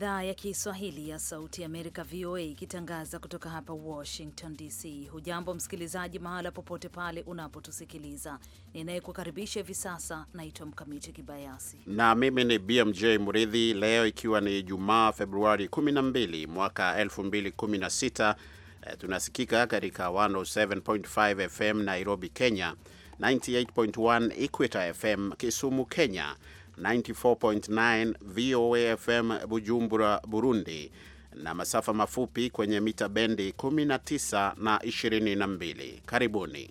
idhaa ya Kiswahili ya Sauti Amerika, VOA, ikitangaza kutoka hapa Washington DC. Hujambo msikilizaji, mahala popote pale unapotusikiliza. Ninayekukaribisha hivi sasa naitwa Mkamiti Kibayasi na mimi ni BMJ Mridhi. Leo ikiwa ni Ijumaa, Februari 12 mwaka 2016, eh, tunasikika katika 107.5 FM Nairobi, Kenya, 98.1 Equator FM Kisumu, Kenya, 94.9 VOA FM Bujumbura, Burundi na masafa mafupi kwenye mita bendi 19 na 22. Karibuni.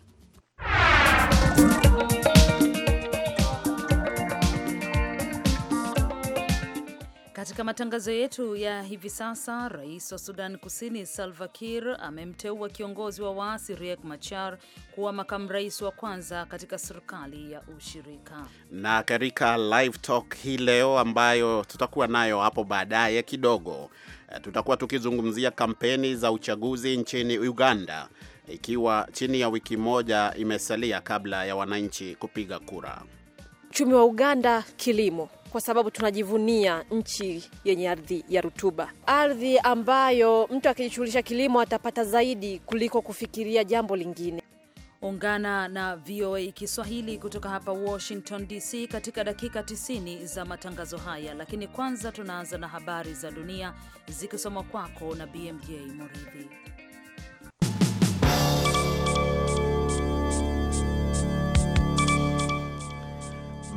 Katika matangazo yetu ya hivi sasa, rais wa Sudan Kusini Salva Kiir amemteua kiongozi wa waasi Riek Machar kuwa makamu rais wa kwanza katika serikali ya ushirika. Na katika live talk hii leo ambayo tutakuwa nayo hapo baadaye kidogo, eh, tutakuwa tukizungumzia kampeni za uchaguzi nchini Uganda, ikiwa chini ya wiki moja imesalia kabla ya wananchi kupiga kura. Uchumi wa Uganda, kilimo kwa sababu tunajivunia nchi yenye ardhi ya rutuba, ardhi ambayo mtu akijishughulisha kilimo atapata zaidi kuliko kufikiria jambo lingine. Ungana na VOA Kiswahili kutoka hapa Washington DC katika dakika 90 za matangazo haya, lakini kwanza tunaanza na habari za dunia zikisomwa kwako na BMJ Moridhi.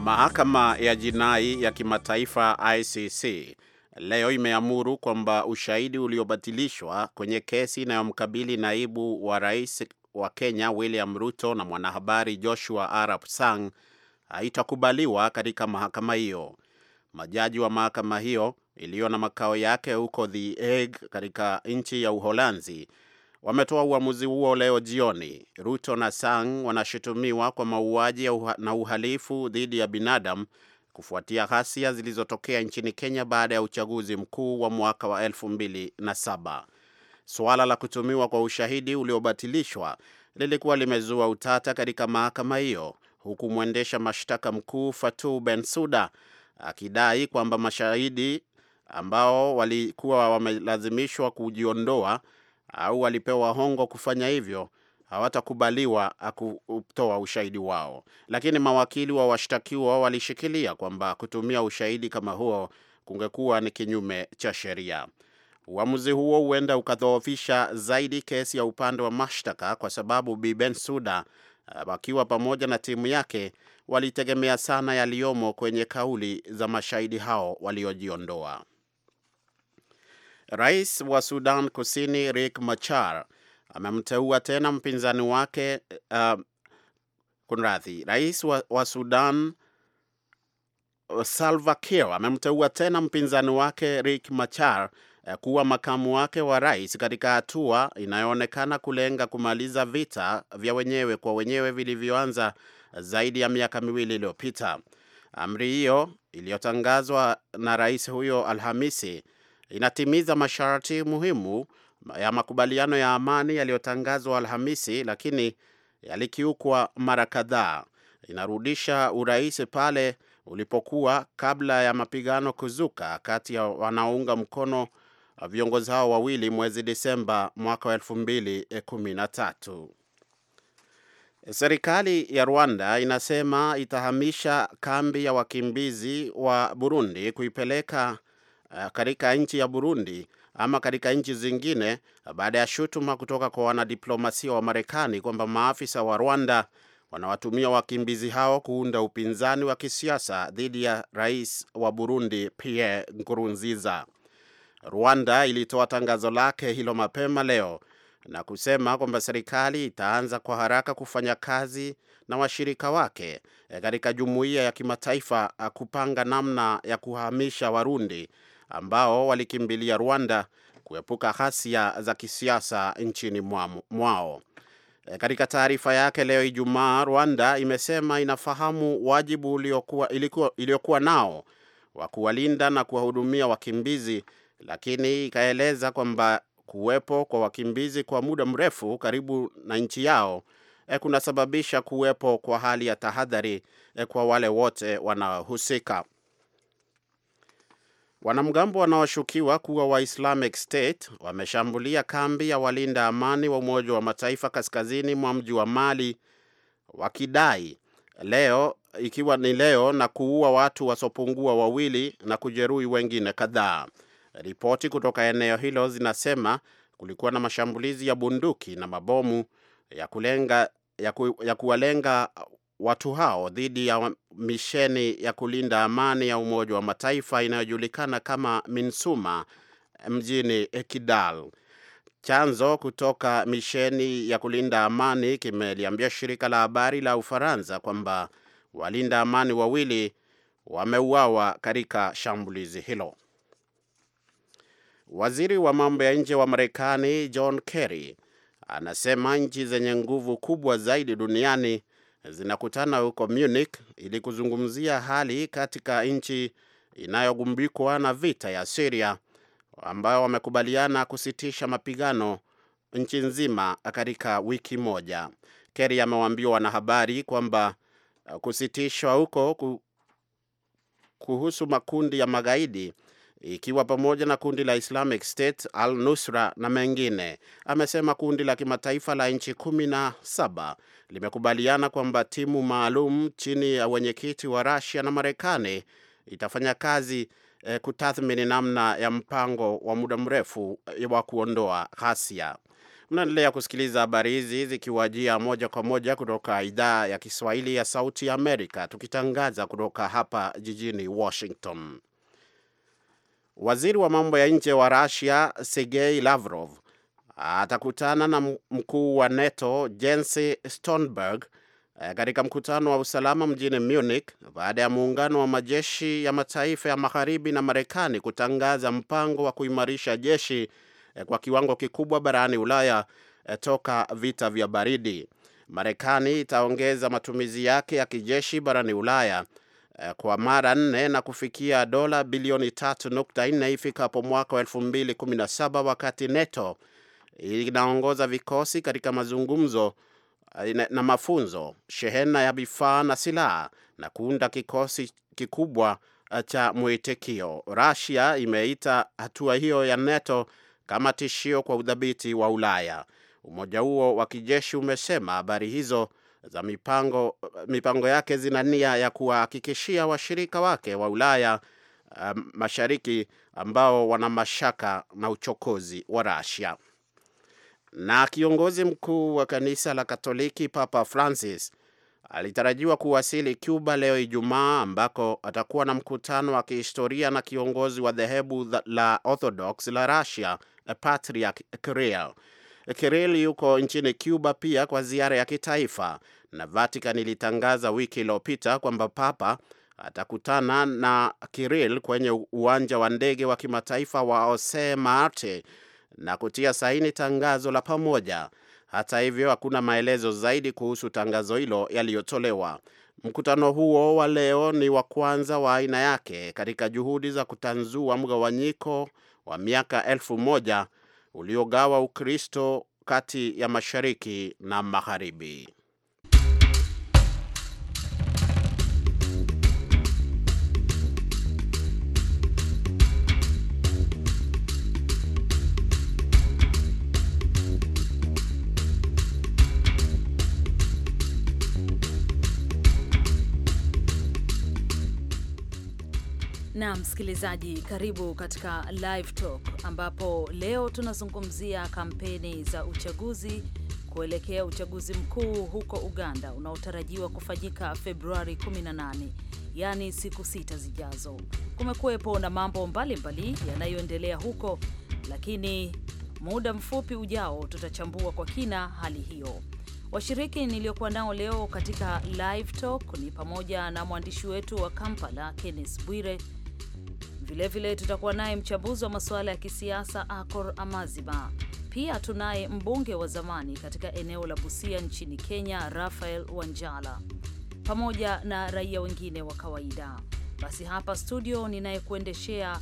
Mahakama ya Jinai ya Kimataifa ICC leo imeamuru kwamba ushahidi uliobatilishwa kwenye kesi inayomkabili naibu wa rais wa Kenya William Ruto na mwanahabari Joshua Arap Sang haitakubaliwa katika mahakama hiyo. Majaji wa mahakama hiyo iliyo na makao yake huko The Hague katika nchi ya Uholanzi wametoa uamuzi huo leo jioni. Ruto na Sang wanashutumiwa kwa mauaji na uhalifu dhidi ya binadamu kufuatia ghasia zilizotokea nchini Kenya baada ya uchaguzi mkuu wa mwaka wa 2007. Suala la kutumiwa kwa ushahidi uliobatilishwa lilikuwa limezua utata katika mahakama hiyo, huku mwendesha mashtaka mkuu Fatou Bensuda akidai kwamba mashahidi ambao walikuwa wamelazimishwa kujiondoa au walipewa hongo kufanya hivyo hawatakubaliwa kutoa ushahidi wao. Lakini mawakili wa washtakiwa walishikilia kwamba kutumia ushahidi kama huo kungekuwa ni kinyume cha sheria. Uamuzi huo huenda ukadhoofisha zaidi kesi ya upande wa mashtaka, kwa sababu Bi suda eh, wakiwa pamoja na timu yake walitegemea sana yaliyomo kwenye kauli za mashahidi hao waliojiondoa. Rais wa Sudan Kusini Riek Machar amemteua tena mpinzani wake uh, kunradhi, rais wa, wa Sudan eh, Salva Kiir amemteua tena mpinzani wake Riek Machar kuwa makamu wake wa rais katika hatua inayoonekana kulenga kumaliza vita vya wenyewe kwa wenyewe vilivyoanza zaidi ya miaka miwili iliyopita. Amri hiyo iliyotangazwa na rais huyo Alhamisi inatimiza masharti muhimu ya makubaliano ya amani yaliyotangazwa Alhamisi, lakini yalikiukwa mara kadhaa. Inarudisha urais pale ulipokuwa kabla ya mapigano kuzuka kati ya wanaounga mkono viongozi hao wawili mwezi Disemba mwaka wa elfu mbili eh, kumi na tatu. Serikali ya Rwanda inasema itahamisha kambi ya wakimbizi wa Burundi kuipeleka Eh, katika nchi ya Burundi ama katika nchi zingine baada ya shutuma kutoka kwa wanadiplomasia wa Marekani kwamba maafisa wa Rwanda wanawatumia wakimbizi hao kuunda upinzani wa kisiasa dhidi ya rais wa Burundi Pierre Nkurunziza. Rwanda ilitoa tangazo lake hilo mapema leo na kusema kwamba serikali itaanza kwa haraka kufanya kazi na washirika wake eh, katika jumuiya ya kimataifa eh, kupanga namna ya kuhamisha Warundi ambao walikimbilia Rwanda kuepuka ghasia za kisiasa nchini mwao. E, katika taarifa yake leo Ijumaa, Rwanda imesema inafahamu wajibu uliokuwa iliyokuwa nao wa kuwalinda na kuwahudumia wakimbizi, lakini ikaeleza kwamba kuwepo kwa wakimbizi kwa muda mrefu karibu na nchi yao e, kunasababisha kuwepo kwa hali ya tahadhari e, kwa wale wote wanaohusika. Wanamgambo wanaoshukiwa kuwa wa Islamic State wameshambulia kambi ya walinda amani wa Umoja wa Mataifa kaskazini mwa mji wa Mali wakidai leo ikiwa ni leo na kuua watu wasiopungua wawili na kujeruhi wengine kadhaa. Ripoti kutoka eneo hilo zinasema kulikuwa na mashambulizi ya bunduki na mabomu ya kulenga ya, ku, ya kuwalenga watu hao dhidi ya misheni ya kulinda amani ya Umoja wa Mataifa inayojulikana kama MINSUMA eh, mjini eh, Kidal. Chanzo kutoka misheni ya kulinda amani kimeliambia shirika la habari la Ufaransa kwamba walinda amani wawili wameuawa katika shambulizi hilo. Waziri wa mambo ya nje wa Marekani John Kerry anasema nchi zenye nguvu kubwa zaidi duniani zinakutana huko Munich ili kuzungumzia hali katika nchi inayogumbikwa na vita ya Syria ambao wamekubaliana kusitisha mapigano nchi nzima katika wiki moja. Kerry amewaambia wanahabari kwamba uh, kusitishwa huko kuhusu makundi ya magaidi ikiwa pamoja na kundi la Islamic State, Al Nusra na mengine. Amesema kundi la kimataifa la nchi kumi na saba limekubaliana kwamba timu maalum chini ya wenyekiti wa Rusia na Marekani itafanya kazi eh, kutathmini namna ya mpango wa muda mrefu eh, wa kuondoa ghasia. Mnaendelea kusikiliza habari hizi zikiwajia moja kwa moja kutoka idhaa ya Kiswahili ya Sauti ya Amerika, tukitangaza kutoka hapa jijini Washington. Waziri wa mambo ya nje wa Russia Sergei Lavrov atakutana na mkuu wa NATO Jens Stoltenberg eh, katika mkutano wa usalama mjini Munich baada ya muungano wa majeshi ya mataifa ya magharibi na Marekani kutangaza mpango wa kuimarisha jeshi eh, kwa kiwango kikubwa barani Ulaya eh, toka vita vya baridi. Marekani itaongeza matumizi yake ya kijeshi barani Ulaya Eh, kwa mara nne na kufikia dola bilioni 3.4 ifikapo mwaka wa 2017 wakati NATO inaongoza vikosi katika mazungumzo eh, na mafunzo, shehena ya vifaa na silaha na kuunda kikosi kikubwa eh, cha mwitikio. Russia imeita hatua hiyo ya NATO kama tishio kwa udhabiti wa Ulaya. Umoja huo wa kijeshi umesema habari hizo za mipango, mipango yake zina nia ya kuwahakikishia washirika wake wa Ulaya um, mashariki ambao wana mashaka na uchokozi wa Russia. Na kiongozi mkuu wa kanisa la Katoliki Papa Francis alitarajiwa kuwasili Cuba leo Ijumaa, ambako atakuwa na mkutano wa kihistoria na kiongozi wa dhehebu la Orthodox la Russia eh, Patriarch Kirill. Kirill yuko nchini Cuba pia kwa ziara ya kitaifa, na Vatican ilitangaza wiki iliyopita kwamba Papa atakutana na Kirill kwenye uwanja wa ndege wa kimataifa wa Jose Maarte na kutia saini tangazo la pamoja. Hata hivyo, hakuna maelezo zaidi kuhusu tangazo hilo yaliyotolewa. Mkutano huo wa leo ni wa kwanza wa aina yake katika juhudi za kutanzua mgawanyiko wa miaka elfu moja uliogawa Ukristo kati ya mashariki na magharibi. Na msikilizaji, karibu katika Live Talk ambapo leo tunazungumzia kampeni za uchaguzi kuelekea uchaguzi mkuu huko Uganda unaotarajiwa kufanyika Februari 18, yaani siku sita zijazo. Kumekuwepo na mambo mbalimbali yanayoendelea huko, lakini muda mfupi ujao tutachambua kwa kina hali hiyo. Washiriki niliyokuwa nao leo katika Live Talk ni pamoja na mwandishi wetu wa Kampala Kenneth Bwire Vilevile tutakuwa naye mchambuzi wa masuala ya kisiasa Akor Amaziba. Pia tunaye mbunge wa zamani katika eneo la Busia nchini Kenya, Rafael Wanjala, pamoja na raia wengine wa kawaida. Basi hapa studio ninayekuendeshea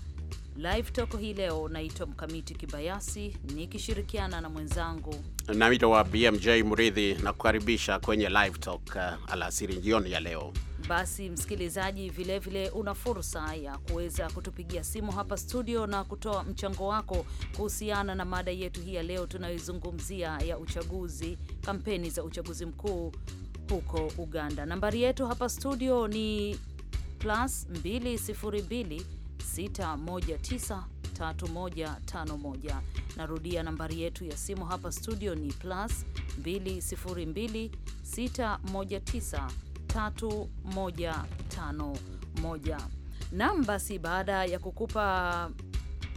Live Talk hii leo naitwa Mkamiti Kibayasi nikishirikiana na mwenzangu naitwa BMJ Mridhi na kukaribisha kwenye Live Talk uh, alasiri jioni ya leo. Basi msikilizaji, vilevile una fursa ya kuweza kutupigia simu hapa studio na kutoa mchango wako kuhusiana na mada yetu hii ya leo tunayoizungumzia ya uchaguzi, kampeni za uchaguzi mkuu huko Uganda. Nambari yetu hapa studio ni plus 202 6193151. Narudia nambari yetu ya simu hapa studio ni plus 202619315 Nam, basi baada ya kukupa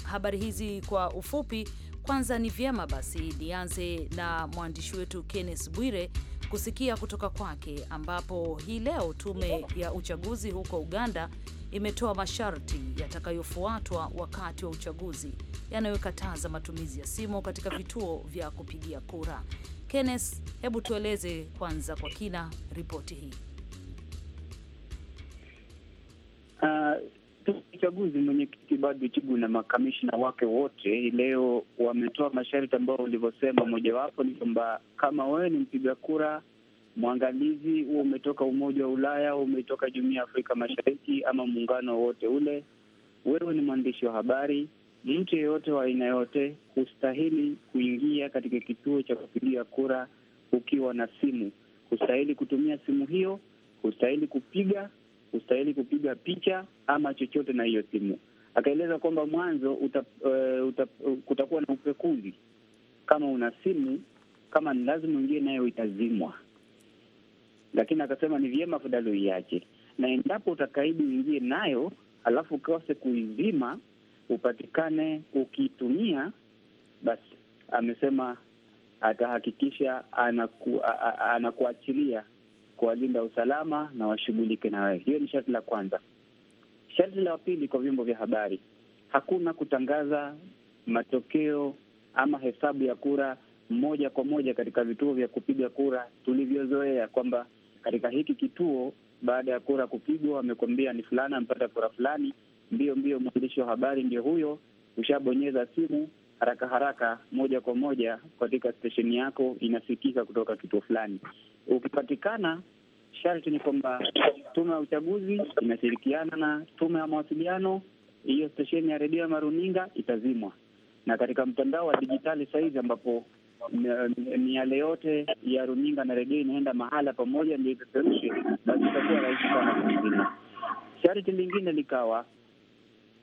habari hizi kwa ufupi, kwanza ni vyema basi nianze na mwandishi wetu Kenneth Bwire kusikia kutoka kwake, ambapo hii leo tume ya uchaguzi huko Uganda imetoa masharti yatakayofuatwa wakati wa uchaguzi yanayokataza matumizi ya simu katika vituo vya kupigia kura. Kenneth, hebu tueleze kwanza kwa kina ripoti hii. Uh, mwenyekiti bado Chigu na makamishna wake wote leo wametoa masharti ambayo ulivyosema, mojawapo ni kwamba kama wewe ni mpiga kura mwangalizi huo umetoka Umoja wa Ulaya, huo umetoka Jumuiya ya Afrika Mashariki ama muungano wowote ule, wewe ni mwandishi wa habari, mtu yeyote wa aina yote hustahili kuingia katika kituo cha kupigia kura ukiwa na simu. Hustahili kutumia simu hiyo, hustahili kupiga, hustahili kupiga picha ama chochote na hiyo simu. Akaeleza kwamba mwanzo uta, uh, uta, uh, kutakuwa na upekuzi. Kama una simu, kama ni lazima uingie nayo, itazimwa lakini akasema ni vyema afadhali uiache, na endapo utakaidi uingie nayo alafu ukose kuizima, upatikane ukiitumia, basi amesema atahakikisha anaku, anakuachilia kuwalinda usalama na washughulike na wewe. Hiyo ni sharti la kwanza. Sharti la pili kwa vyombo vya habari, hakuna kutangaza matokeo ama hesabu ya kura moja kwa moja katika vituo vya kupiga kura tulivyozoea, kwamba katika hiki kituo, baada ya kura kupigwa, wamekwambia ni fulani amepata kura fulani, mbio mbio, mwandishi wa habari ndio huyo, ushabonyeza simu haraka haraka, moja kwa moja katika stesheni yako, inafikika kutoka kituo fulani. Ukipatikana, sharti ni kwamba tume ya uchaguzi inashirikiana na tume ya mawasiliano, hiyo stesheni ya redio ya maruninga itazimwa. Na katika mtandao wa dijitali sahizi, ambapo miale yote ya runinga na redio inaenda mahala pamoja, ndio ipeperushe, basi itakuwa rahisi sana kuingina. Sharti lingine likawa,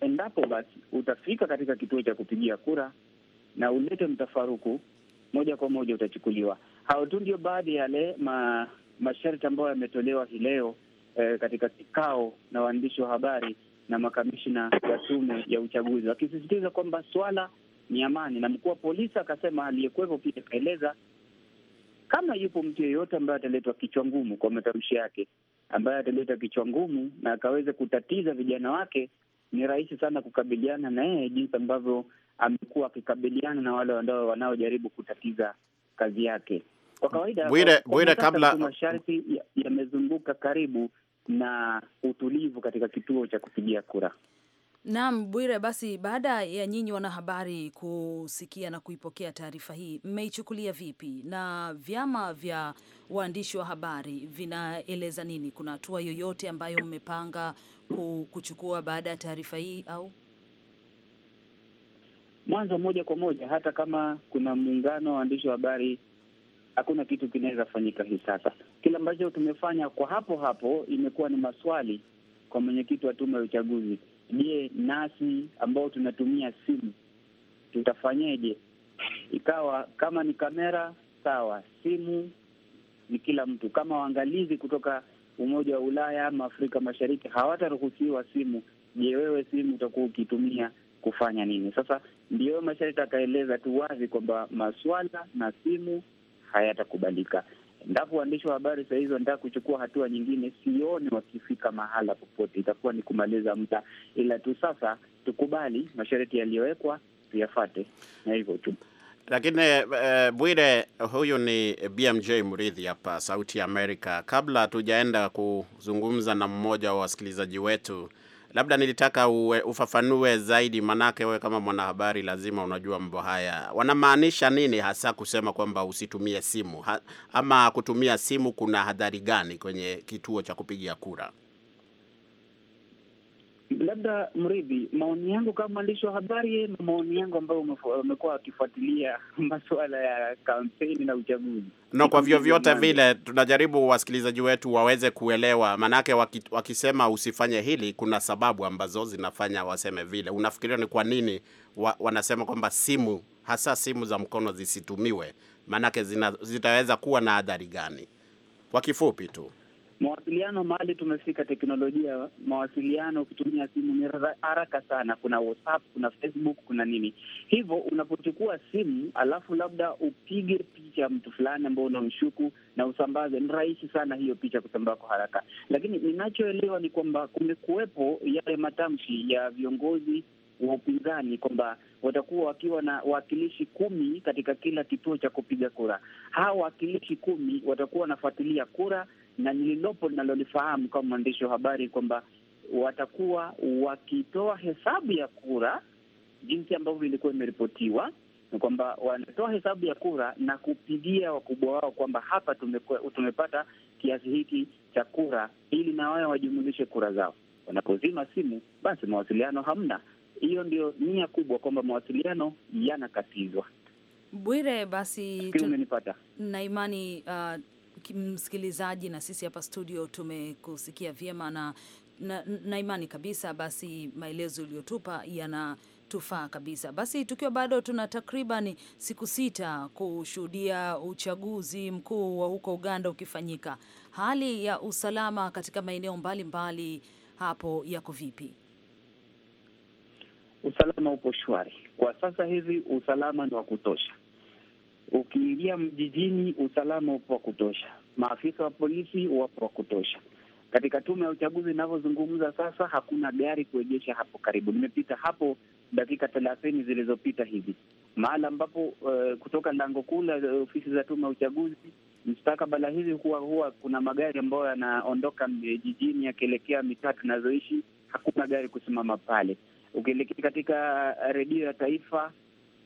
endapo basi utafika katika kituo cha kupigia kura na ulete mtafaruku, moja kwa moja utachukuliwa. Hao tu ndio baadhi ya yale ma, masharti ambayo yametolewa hii leo eh, katika kikao na waandishi wa habari na makamishna ya tume ya uchaguzi, wakisisitiza kwamba swala ni amani, na mkuu wa polisi akasema aliyekuwepo pia akaeleza kama yupo mtu yeyote ambaye ataletwa kichwa ngumu, kwa matamshi yake, ambaye ataleta kichwa ngumu na akaweza kutatiza vijana wake, ni rahisi sana kukabiliana na yeye, jinsi ambavyo amekuwa akikabiliana na wale ambao wanaojaribu kutatiza kazi yake. Kwa kawaida, Bwire, kabla masharti yamezunguka karibu na utulivu katika kituo cha kupigia kura. Naam, Bwire, basi baada ya nyinyi wanahabari kusikia na kuipokea taarifa hii, mmeichukulia vipi? Na vyama vya waandishi wa habari vinaeleza nini? Kuna hatua yoyote ambayo mmepanga kuchukua baada ya taarifa hii au mwanzo moja kwa moja? Hata kama kuna muungano wa waandishi wa habari, hakuna kitu kinaweza fanyika hii sasa. Kile ambacho tumefanya kwa hapo hapo imekuwa ni maswali kwa mwenyekiti wa tume ya uchaguzi je, nasi ambao tunatumia simu tutafanyeje? Ikawa kama ni kamera sawa, simu ni kila mtu. Kama waangalizi kutoka Umoja wa Ulaya ama Afrika Mashariki hawataruhusiwa simu, je, wewe simu utakuwa ukitumia kufanya nini? Sasa ndio masharti akaeleza tu wazi kwamba maswala na simu hayatakubalika. Endapo waandishi wa habari saa hizi wanataka kuchukua hatua nyingine, sioni wakifika mahala popote, itakuwa ni kumaliza muda, ila tu sasa tukubali masharti yaliyowekwa tuyafate na hivyo tu. Lakini eh, Bwire, huyu ni BMJ Mridhi hapa Sauti ya Amerika. Kabla hatujaenda kuzungumza na mmoja wa wasikilizaji wetu labda nilitaka uwe, ufafanue zaidi, manake wewe kama mwanahabari lazima unajua mambo haya. Wanamaanisha nini hasa kusema kwamba usitumie simu ha, ama kutumia simu kuna hadhari gani kwenye kituo cha kupigia kura? Labda Mridhi, maoni yangu kama mwandishi wa habari na maoni yangu ambayo umekuwa wakifuatilia masuala ya kampeni na uchaguzi, no, kwa vyovyote vile tunajaribu wasikilizaji wetu waweze kuelewa, maanake waki, wakisema usifanye hili, kuna sababu ambazo zinafanya waseme vile. Unafikiria ni kwa nini wa, wanasema kwamba simu hasa simu za mkono zisitumiwe, maanake zitaweza kuwa na adhari gani? Kwa kifupi tu Mawasiliano mahali tumefika, teknolojia mawasiliano ukitumia simu ni haraka sana. Kuna WhatsApp, kuna Facebook, kuna nini hivyo. Unapochukua simu alafu labda upige picha mtu fulani ambao unamshuku na usambaze, ni rahisi sana hiyo picha kusambaa kwa haraka. Lakini ninachoelewa ni kwamba kumekuwepo yale matamshi ya viongozi wa upinzani kwamba watakuwa wakiwa na wawakilishi kumi katika kila kituo cha kupiga kura. Hawa wawakilishi kumi watakuwa wanafuatilia kura, na nililopo linalolifahamu kama mwandishi wa habari kwamba watakuwa wakitoa hesabu ya kura jinsi ambavyo ilikuwa imeripotiwa ni kwamba wanatoa hesabu ya kura na kupigia wakubwa wao kwamba hapa tumepata kiasi hiki cha kura, ili na wao wajumulishe kura zao. Wanapozima simu, basi mawasiliano hamna, hiyo ndio nia kubwa, kwamba mawasiliano yanakatizwa. Bwire, basi umenipata na imani uh, msikilizaji na sisi hapa studio tumekusikia vyema na, na, na imani kabisa. Basi maelezo uliyotupa yanatufaa kabisa. Basi tukiwa bado tuna takriban siku sita kushuhudia uchaguzi mkuu wa huko Uganda ukifanyika, hali ya usalama katika maeneo mbalimbali hapo yako vipi? usalama uko shwari kwa sasa hivi, usalama ni wa kutosha. Ukiingia mjijini, usalama upo wa kutosha, maafisa wa polisi wapo wa kutosha. Katika tume ya uchaguzi inavyozungumza sasa, hakuna gari kuegesha hapo karibu. Nimepita hapo dakika thelathini zilizopita hivi, mahala ambapo uh, kutoka lango kuu la ofisi za tume ya uchaguzi mstakabala hivi huwa huwa kuna magari ambayo yanaondoka eh, jijini yakielekea mitatu tunazoishi, hakuna gari kusimama pale. Ukielekea katika eh, redio ya taifa,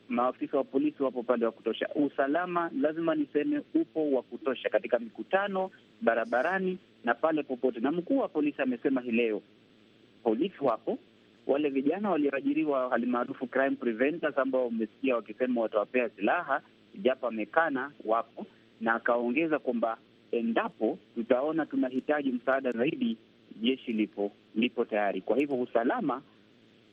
maafisa wa polisi wapo pale wa kutosha. Usalama lazima niseme upo wa kutosha katika mikutano, barabarani na pale popote. Na mkuu wa polisi amesema hii leo polisi wapo, wale vijana walioajiriwa halimaarufu crime preventers, ambao wamesikia wakisema watawapea silaha, japo amekana, wapo na akaongeza kwamba endapo tutaona tunahitaji msaada zaidi, jeshi lipo lipo tayari. Kwa hivyo usalama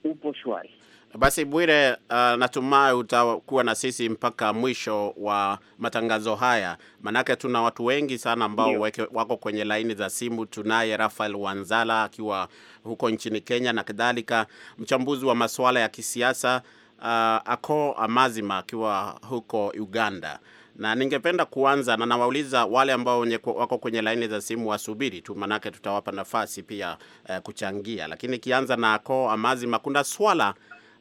upo shwari. Basi Bwire, uh, natumai utakuwa na sisi mpaka mwisho wa matangazo haya, manake tuna watu wengi sana ambao weke, wako kwenye laini za simu. Tunaye Rafael Wanzala akiwa huko nchini Kenya na kadhalika, mchambuzi wa masuala ya kisiasa uh, Ako Amazima akiwa huko Uganda na ningependa kuanza na nawauliza wale ambao wako kwenye laini za simu wasubiri tu, manake tutawapa nafasi pia eh, kuchangia. Lakini ikianza na ko Amazima, kuna swala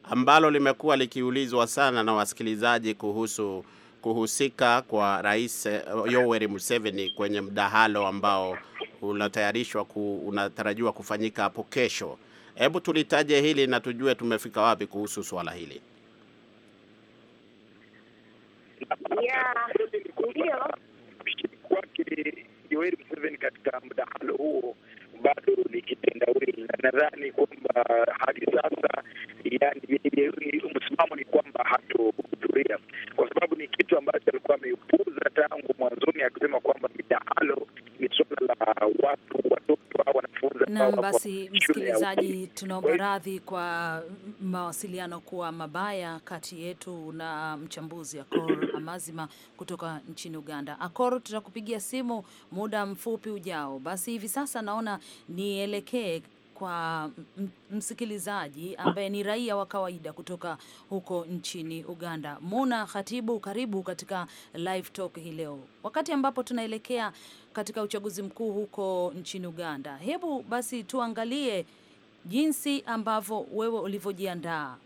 ambalo limekuwa likiulizwa sana na wasikilizaji kuhusu kuhusika kwa Rais eh, Yoweri Museveni kwenye mdahalo ambao unatayarishwa ku, unatarajiwa kufanyika hapo kesho. Hebu tulitaje hili na tujue tumefika wapi kuhusu swala hili ya ndio Yoeri Museveni katika mdahalo msikilizaji, tunaomba radhi kwa mawasiliano kuwa mabaya kati yetu na mchambuzi Akor Amazima kutoka nchini Uganda. Akor, tutakupigia simu muda mfupi ujao. Basi hivi sasa naona nielekee kwa msikilizaji ambaye ni raia wa kawaida kutoka huko nchini Uganda. Muna Khatibu, karibu katika live talk hii leo, wakati ambapo tunaelekea katika uchaguzi mkuu huko nchini Uganda. Hebu basi tuangalie jinsi ambavyo wewe ulivyojiandaa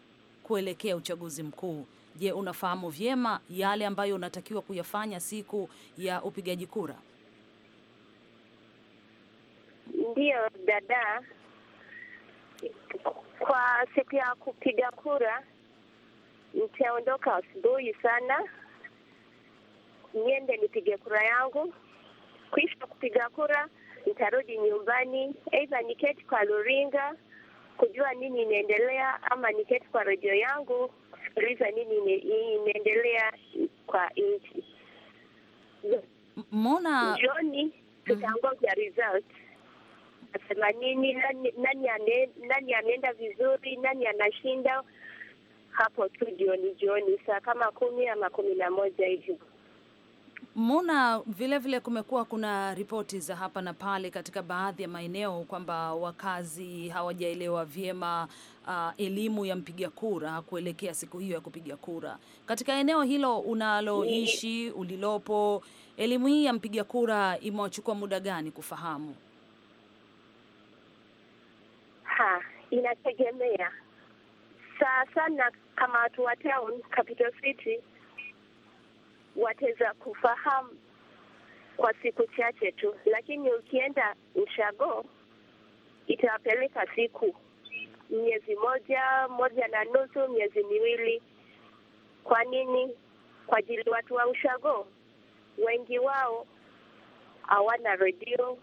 kuelekea uchaguzi mkuu. Je, unafahamu vyema yale ambayo unatakiwa kuyafanya siku ya upigaji kura? Ndiyo dada, kwa siku ya kupiga kura nitaondoka asubuhi sana niende nipige kura yangu. Kisha kupiga kura nitarudi nyumbani, aidha niketi kwa luringa kujua nini inaendelea, ama niketi kwa redio yangu kusikiliza nini inaendelea kwa nchi. Mona jioni tutaangoja result nasema nini, nani, nani, ane, vizuri, nani anashinda hapo tu jioni jioni, saa kama kumi ama kumi na moja hivyo. Mona, vilevile kumekuwa kuna ripoti za hapa na pale katika baadhi ya maeneo kwamba wakazi hawajaelewa vyema uh, elimu ya mpiga kura kuelekea siku hiyo ya kupiga kura. Katika eneo hilo unaloishi ulilopo, elimu hii ya mpiga kura imewachukua muda gani kufahamu? Ha, inategemea sasa sana kama watu wa town capital city wataweza kufahamu kwa siku chache tu, lakini ukienda mshago itawapeleka siku miezi moja moja na nusu, miezi miwili. Kwa nini? Kwa ajili watu wa ushago wengi wao hawana redio,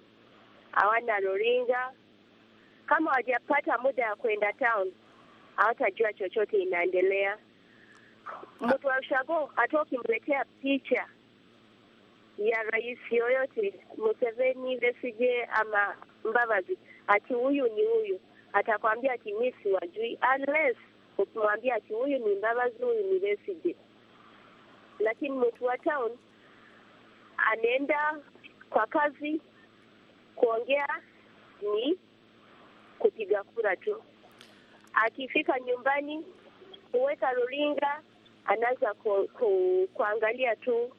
hawana ruringa. Kama wajapata muda ya kuenda town, hawatajua chochote inaendelea mtu wa ushago hata ukimletea picha ya rais yoyote Museveni, Besigye ama Mbabazi, ati huyu ni huyu, atakwambia ati mimi siwajui, unless ukimwambia ati huyu ni Mbabazi, huyu ni Besigye. Lakini mtu wa town anaenda kwa kazi, kuongea ni kupiga kura tu. Akifika nyumbani huweka rulinga anaweza ku, ku, kuangalia tu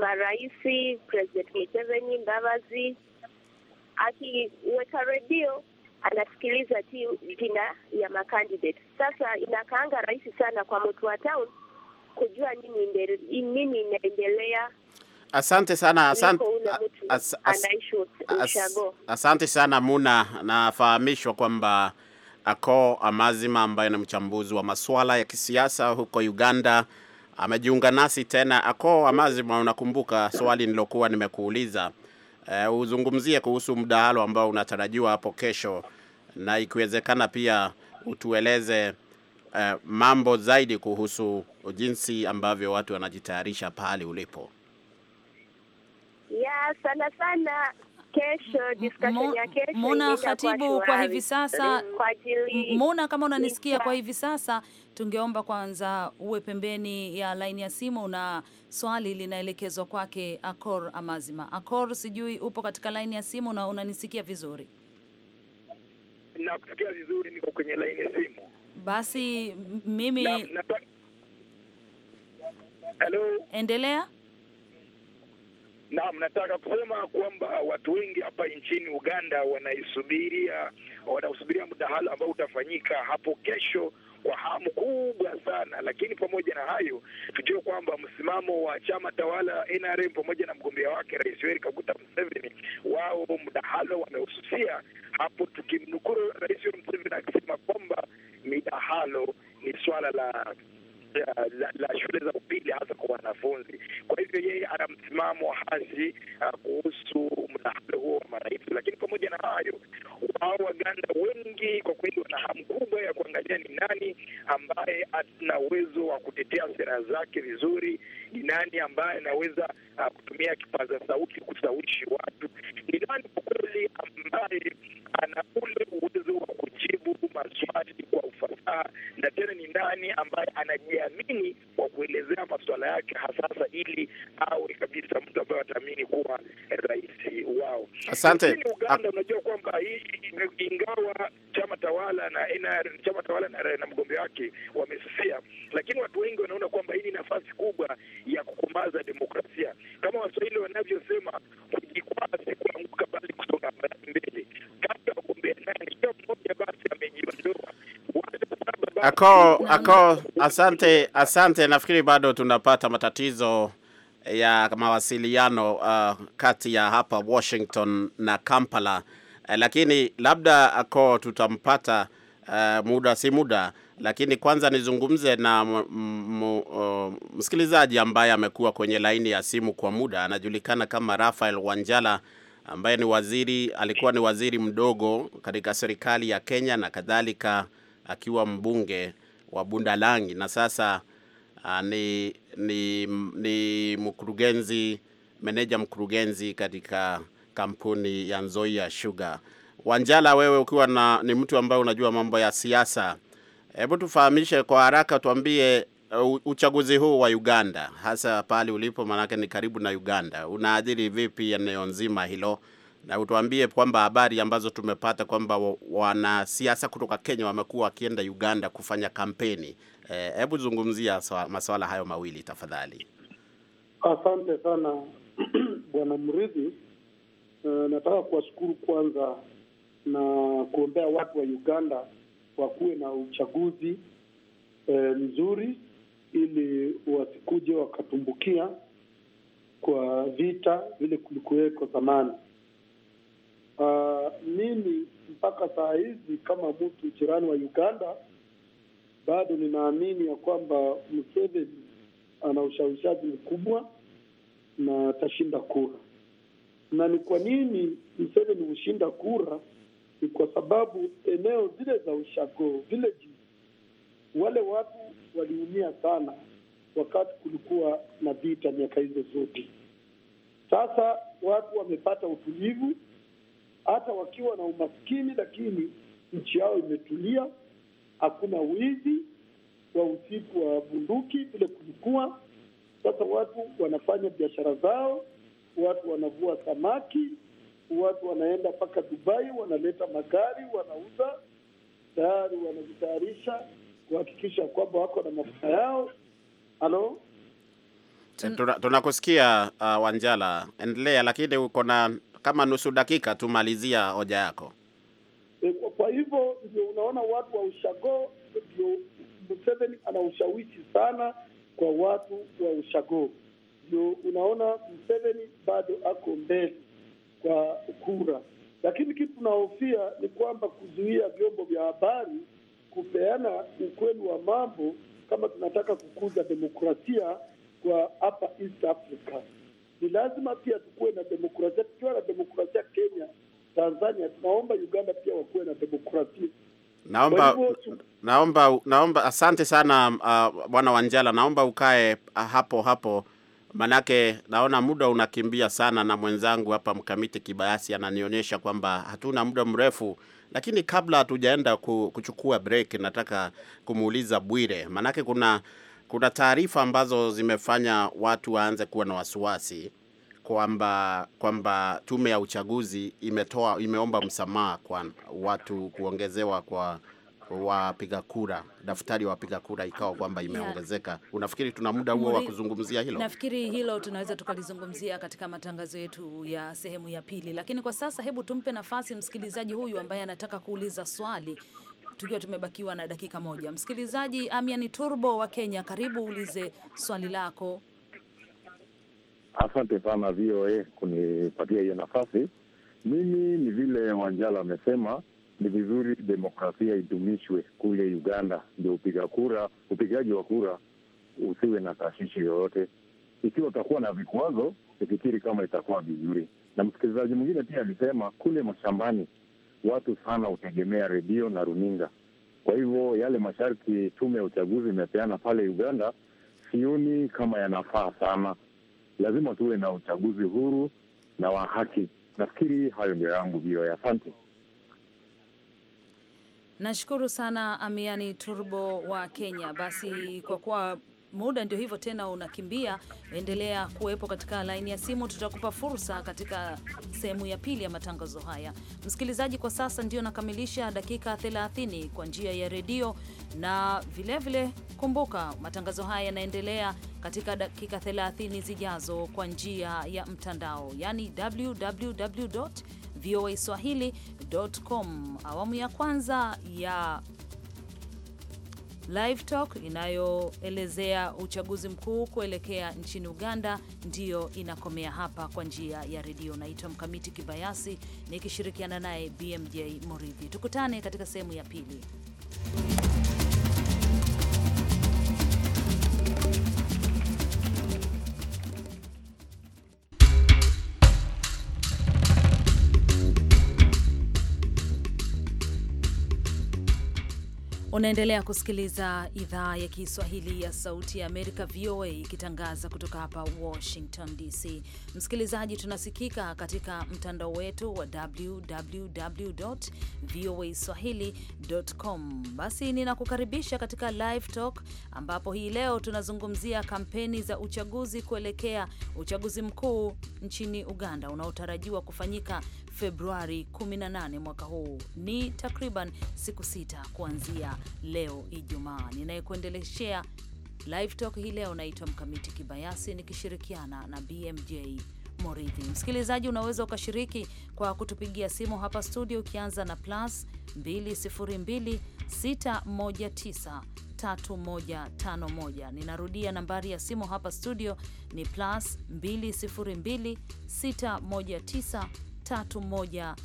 marais President Museveni, Mbabazi akiweka redio anasikiliza jina ya makandidate. Sasa inakaanga rahisi sana kwa mtu wa town kujua nini nini inaendelea. Asante sana, asante, as, asante sana Muna, nafahamishwa kwamba Ako Amazima ambaye ni mchambuzi wa masuala ya kisiasa huko Uganda amejiunga nasi tena. Ako Amazima, unakumbuka swali nilokuwa nimekuuliza uh, uzungumzie kuhusu mdahalo ambao unatarajiwa hapo kesho, na ikiwezekana pia utueleze uh, mambo zaidi kuhusu jinsi ambavyo watu wanajitayarisha pale ulipo. Ya, sana sana kesho discussion ya kesho. Mona Khatibu, kwa hivi sasa, Mona kama unanisikia, kwa hivi sasa tungeomba kwanza uwe pembeni ya laini ya simu, na swali linaelekezwa kwake Akor Amazima. Akor, sijui upo katika laini ya simu na unanisikia vizuri? Nakusikia vizuri, niko kwenye laini ya simu. Basi mimi na, na, hello, endelea Naam, nataka kusema kwamba watu wengi hapa nchini Uganda wanaisubiria wanaosubiria mdahalo ambao utafanyika hapo kesho kwa hamu kubwa sana, lakini pamoja na hayo tujue kwamba msimamo wa chama tawala NRM pamoja na mgombea wake Rais Yoweri Kaguta Museveni, wao mdahalo wamehususia hapo, tukimnukuru Rais Museveni akisema kwamba midahalo ni swala la Uh, la, la shule za upili hasa kwa wanafunzi. Kwa hivyo yeye ana msimamo hasi uh, kuhusu mdahalo huo wa marais. Lakini pamoja na hayo, wao Waganda wengi kwa kweli wana hamu kubwa ya kuangalia ni nani ambaye ana uwezo wa kutetea sera zake vizuri, ni nani ambaye anaweza uh, kutumia kipaza sauti kusawishi watu, ni nani kwa kweli ambaye ana ule uwezo wa kujibu maswali kwa ufasaha, na tena ni nani ambaye anajia kujiamini kwa kuelezea masuala yake hasasa, ili awe kabisa mtu ambaye ataamini kuwa rais wao. Asante. Nchini Uganda, unajua kwamba ingawa chama tawala na chama tawala na, na mgombea wake wamesusia, lakini watu wengi wanaona kwamba hii ni nafasi kubwa ya kukumaza demokrasia, kama Waswahili wanavyosema kujikwaa si kuanguka, bali kusonga mbele. Kati ya wagombea nane, kila mmoja basi Ako, ako, asante, asante. Nafikiri bado tunapata matatizo ya mawasiliano uh, kati ya hapa Washington na Kampala uh, lakini labda ako tutampata uh, muda si muda, lakini kwanza nizungumze na uh, msikilizaji ambaye amekuwa kwenye laini ya simu kwa muda, anajulikana kama Rafael Wanjala ambaye ni waziri, alikuwa ni waziri mdogo katika serikali ya Kenya na kadhalika akiwa mbunge wa Bundalangi na sasa a, ah, ni, ni, ni mkurugenzi meneja mkurugenzi katika kampuni ya Nzoia Sugar. Wanjala, wewe ukiwa na ni mtu ambaye unajua mambo ya siasa, hebu tufahamishe kwa haraka, tuambie uh, uchaguzi huu wa Uganda hasa pale ulipo, maanake ni karibu na Uganda, unaadhiri vipi eneo nzima hilo na utuambie kwamba habari ambazo tumepata kwamba wanasiasa kutoka Kenya wamekuwa wakienda Uganda kufanya kampeni. Eh, hebu e, zungumzia masuala hayo mawili tafadhali. Asante sana Bwana Mridhi. E, nataka kuwashukuru kwanza na kuombea watu wa Uganda wakuwe na uchaguzi e, mzuri ili wasikuje wakatumbukia kwa vita vile kulikuweko zamani. Uh, mimi mpaka saa hizi kama mtu jirani wa Uganda bado ninaamini ya kwamba Museveni ana ushawishaji mkubwa na atashinda kura. Na ni kwa nini Museveni hushinda kura? Ni kwa sababu eneo zile za ushago village, wale watu waliumia sana wakati kulikuwa na vita miaka hizo zote. Sasa watu wamepata utulivu hata wakiwa na umaskini, lakini nchi yao imetulia, hakuna wizi wa usiku wa bunduki vile kulikuwa. Sasa watu wanafanya biashara zao, watu wanavua samaki, watu wanaenda mpaka Dubai, wanaleta magari, wanauza tayari, wanajitayarisha kuhakikisha kwamba wako na mafuta yao. Halo, tunakusikia tuna uh, Wanjala, endelea. Lakini uko na kama nusu dakika tumalizia hoja yako. E, kwa, kwa hivyo ndio unaona watu wa ushago ndio Museveni ana ushawishi sana kwa watu wa ushago, ndio unaona Museveni bado ako mbele kwa kura, lakini kitu tunahofia ni kwamba kuzuia vyombo vya habari kupeana ukweli wa mambo kama tunataka kukuza demokrasia kwa hapa East Africa. Ni lazima pia tukuwe na demokrasia. Tukiwa na demokrasia Kenya, Tanzania, tunaomba Uganda pia wakuwe na demokrasia. Naomba, naomba naomba, asante sana uh, bwana Wanjala, naomba ukae uh, hapo hapo, manake naona muda unakimbia sana, na mwenzangu hapa mkamiti kibayasi ananionyesha kwamba hatuna muda mrefu, lakini kabla hatujaenda kuchukua break, nataka kumuuliza Bwire, manake kuna kuna taarifa ambazo zimefanya watu waanze kuwa na wasiwasi kwamba kwamba tume ya uchaguzi imetoa imeomba msamaha kwa watu kuongezewa kwa wapiga kura, daftari ya wapiga kura ikawa kwamba imeongezeka yeah. Unafikiri tuna muda huo wa kuzungumzia hilo? Nafikiri hilo tunaweza tukalizungumzia katika matangazo yetu ya sehemu ya pili, lakini kwa sasa hebu tumpe nafasi msikilizaji huyu ambaye anataka kuuliza swali tukiwa tumebakiwa na dakika moja. Msikilizaji Amiani Turbo wa Kenya, karibu ulize swali lako. Asante sana VOA kunipatia hiyo nafasi. Mimi ni vile Wanjala amesema, ni vizuri demokrasia idumishwe kule Uganda, ndio upiga kura, upigaji wa kura usiwe na tashishi yoyote. Ikiwa utakuwa na vikwazo, ifikiri kama itakuwa vizuri. Na msikilizaji mwingine pia alisema kule mashambani watu sana hutegemea redio na runinga. Kwa hivyo yale masharti tume ya uchaguzi imepeana pale Uganda sioni kama yanafaa sana. Lazima tuwe na uchaguzi huru na wa haki. Nafikiri hayo ndio yangu hiyo, asante. Nashukuru sana Amiani Turbo wa Kenya. Basi kwa kuwa muda ndio hivyo tena unakimbia. Endelea kuwepo katika laini ya simu, tutakupa fursa katika sehemu ya pili ya matangazo haya. Msikilizaji, kwa sasa ndio nakamilisha dakika 30 kwa njia ya redio na vilevile vile, kumbuka matangazo haya yanaendelea katika dakika 30 zijazo kwa njia ya mtandao, yani www voa Awamu ya kwanza ya Live Talk inayoelezea uchaguzi mkuu kuelekea nchini Uganda ndiyo inakomea hapa kwa njia ya redio. Naitwa Mkamiti Kibayasi nikishirikiana naye BMJ Muridhi. Tukutane katika sehemu ya pili. Unaendelea kusikiliza idhaa ya Kiswahili ya Sauti ya Amerika, VOA, ikitangaza kutoka hapa Washington DC. Msikilizaji, tunasikika katika mtandao wetu wa www voa swahili.com. Basi ninakukaribisha katika Live Talk ambapo hii leo tunazungumzia kampeni za uchaguzi kuelekea uchaguzi mkuu nchini Uganda unaotarajiwa kufanyika Februari 18 mwaka huu, ni takriban siku sita kuanzia leo Ijumaa. Ninayekuendeleshea live talk hii leo naitwa Mkamiti Kibayasi nikishirikiana na BMJ Morithi. Msikilizaji, unaweza ukashiriki kwa kutupigia simu hapa studio, ukianza na plus 2026193151. Ninarudia nambari ya simu hapa studio ni plus 202619 3151.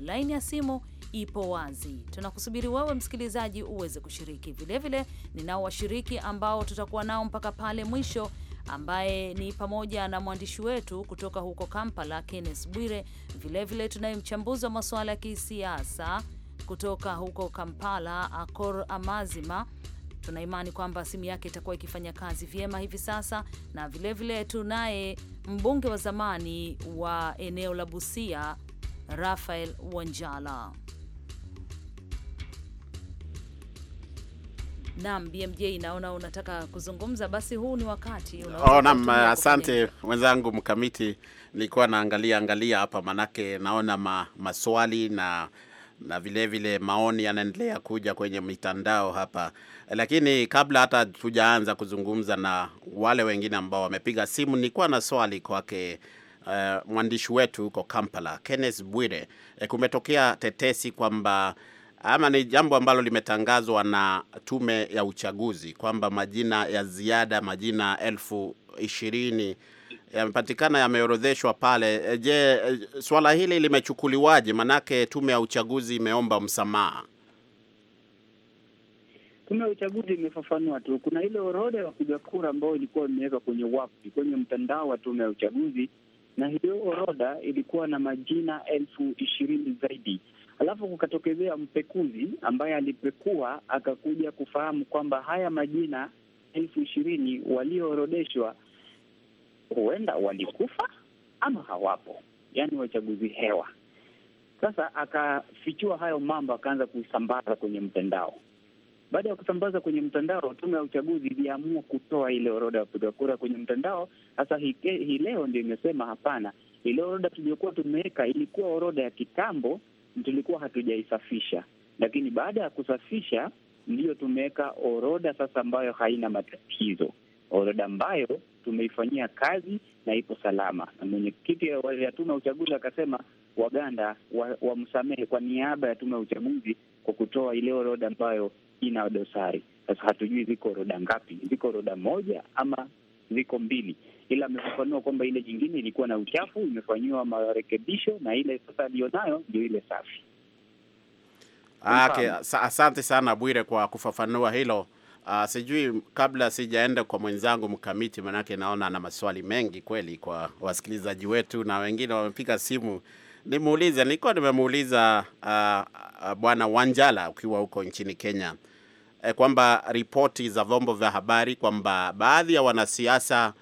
Laini ya simu ipo wazi, tunakusubiri wewe msikilizaji uweze kushiriki. Vilevile ninao washiriki ambao tutakuwa nao mpaka pale mwisho ambaye ni pamoja na mwandishi wetu kutoka huko Kampala Kenneth Bwire. Vilevile tunaye mchambuzi wa masuala ya kisiasa kutoka huko Kampala Akor Amazima Tuna imani kwamba simu yake itakuwa ikifanya kazi vyema hivi sasa, na vilevile tunaye mbunge wa zamani wa eneo la Busia Rafael Wanjala. Naam, BMJ naona unataka kuzungumza, basi huu ni wakati. Oh, naam, asante mwenzangu Mkamiti. Nilikuwa naangalia angalia hapa, manake naona ma, maswali na na vilevile vile maoni yanaendelea kuja kwenye mitandao hapa, lakini kabla hata tujaanza kuzungumza na wale wengine ambao wamepiga simu, nilikuwa na swali kwake uh, mwandishi wetu huko Kampala Kenneth Bwire. E, kumetokea tetesi kwamba ama ni jambo ambalo limetangazwa na tume ya uchaguzi kwamba majina ya ziada, majina elfu ishirini yamepatikana yameorodheshwa pale. E, je, e, swala hili limechukuliwaje? Manake tume ya uchaguzi imeomba msamaha. Tume ya uchaguzi imefafanua tu, kuna ile orodha ya wapiga kura ambayo ilikuwa imewekwa kwenye wapi, kwenye mtandao wa tume ya uchaguzi, na hiyo orodha ilikuwa na majina elfu ishirini zaidi alafu kukatokezea mpekuzi ambaye alipekua akakuja kufahamu kwamba haya majina elfu ishirini walioorodeshwa huenda walikufa ama hawapo, yaani wachaguzi hewa. Sasa akafichua hayo mambo, akaanza kusambaza kwenye mtandao. Baada ya kusambaza kwenye mtandao, tume ya uchaguzi iliamua kutoa ile orodha ya wapiga kura kwenye mtandao. Sasa hii leo ndio imesema hapana, ile orodha tuliyokuwa tumeweka ilikuwa orodha ya kitambo, tulikuwa hatujaisafisha, lakini baada ya kusafisha ndiyo tumeweka orodha sasa ambayo haina matatizo, orodha ambayo tumeifanyia kazi na ipo salama. Na mwenyekiti ya tume ya uchaguzi akasema Waganda wamsamehe wa kwa niaba ya tume ya uchaguzi kwa kutoa ile orodha ambayo ina dosari. Sasa hatujui ziko orodha ngapi, ziko orodha moja ama ziko mbili, ila amefafanua kwamba ile jingine ilikuwa na uchafu, imefanyiwa marekebisho na ile sasa aliyonayo ndio ile safi. Ah, okay, asante sana Bwire kwa kufafanua hilo. Uh, sijui kabla sijaenda kwa mwenzangu mkamiti, manake naona ana maswali mengi kweli kwa wasikilizaji wetu na wengine wamepiga simu, nimuulize. Nilikuwa nimemuuliza uh, uh, Bwana Wanjala ukiwa huko nchini Kenya eh, kwamba ripoti za vyombo vya habari kwamba baadhi ya wanasiasa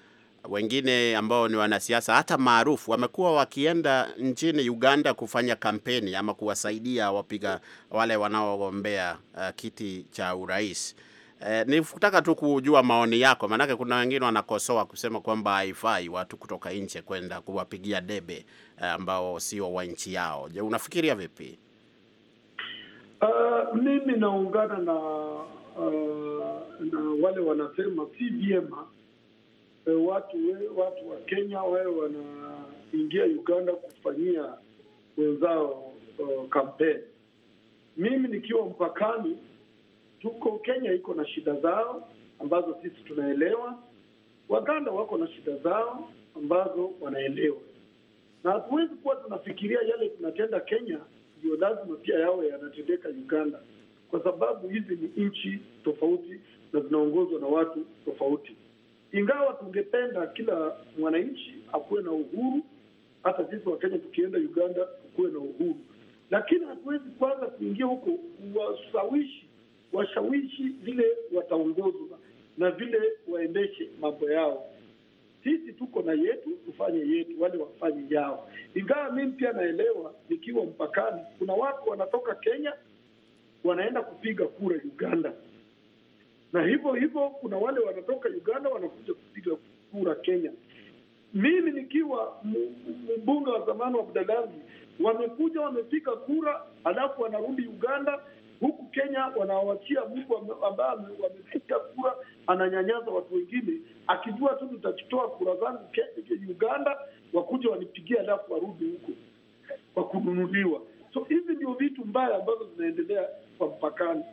wengine ambao ni wanasiasa hata maarufu wamekuwa wakienda nchini Uganda kufanya kampeni ama kuwasaidia wapiga wale wanaogombea uh, kiti cha urais. Eh, nikutaka tu kujua maoni yako, maanake kuna wengine wanakosoa kusema kwamba haifai watu kutoka nje kwenda kuwapigia debe eh, ambao sio wa nchi yao. Je, unafikiria vipi? Uh, mimi naungana na uh, na wale wanasema si vyema eh, watu we, watu wa Kenya wawe wanaingia Uganda kufanyia wenzao uh, kampeni. Mimi nikiwa mpakani tuko Kenya iko na shida zao ambazo sisi tunaelewa, Waganda wako na shida zao ambazo wanaelewa, na hatuwezi kuwa tunafikiria yale tunatenda Kenya ndio lazima pia yawe yanatendeka Uganda, kwa sababu hizi ni nchi tofauti na zinaongozwa na watu tofauti. Ingawa tungependa kila mwananchi akuwe na uhuru, hata sisi Wakenya tukienda Uganda tukuwe na uhuru, lakini hatuwezi kwanza kuingia huko kuwasawishi washawishi vile wataongozwa na vile waendeshe mambo yao. Sisi tuko na yetu, tufanye yetu, wale wafanye yao. Ingawa mimi pia naelewa, nikiwa mpakani, kuna watu wanatoka Kenya wanaenda kupiga kura Uganda, na hivyo hivyo kuna wale wanatoka Uganda wanakuja kupiga kura Kenya. Mimi nikiwa mbunge wa zamani wa Budalangi, wamekuja wamepiga kura, alafu wanarudi Uganda huku Kenya wanawachia mtu ambaye wamepiga kura ananyanyaza watu wengine, akijua tu nitachitoa kura zangu Uganda, wakuja wanipigia alafu warudi huko kwa kununuliwa. So hivi ndio vitu mbaya ambazo zinaendelea kwa mpakani.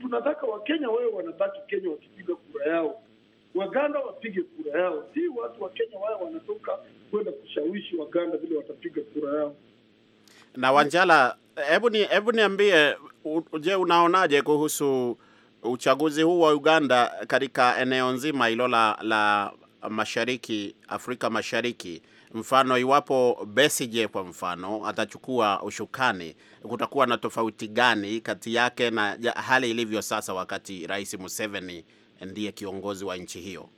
Tunataka Wakenya wewe wanabaki Kenya wakipiga kura yao, Waganda wapige kura yao, si watu wa Kenya wao wanatoka kwenda kushawishi Waganda vile watapiga kura yao. Na Wanjala, hebu ni hebu niambie, je, unaonaje kuhusu uchaguzi huu wa Uganda katika eneo nzima hilo la, la mashariki Afrika Mashariki? Mfano, iwapo Besigye kwa mfano atachukua ushukani, kutakuwa na tofauti gani kati yake na hali ilivyo sasa, wakati Rais Museveni ndiye kiongozi wa nchi hiyo?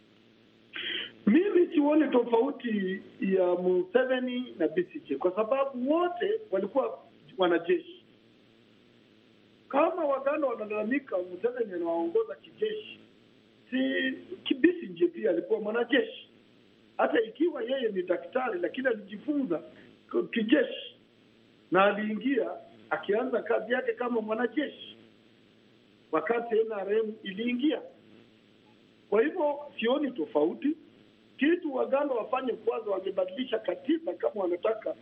Mimi sioni tofauti ya Museveni na Besigye kwa sababu wote walikuwa wanajeshi. Kama Waganda wanalalamika Museveni anawaongoza kijeshi, si kibisi nje pia alikuwa mwanajeshi, hata ikiwa yeye ni daktari, lakini alijifunza kijeshi na aliingia akianza kazi yake kama mwanajeshi wakati NRM iliingia. Kwa hivyo sioni tofauti. Kitu Waganda wafanye kwanza, wangebadilisha katiba kama wanataka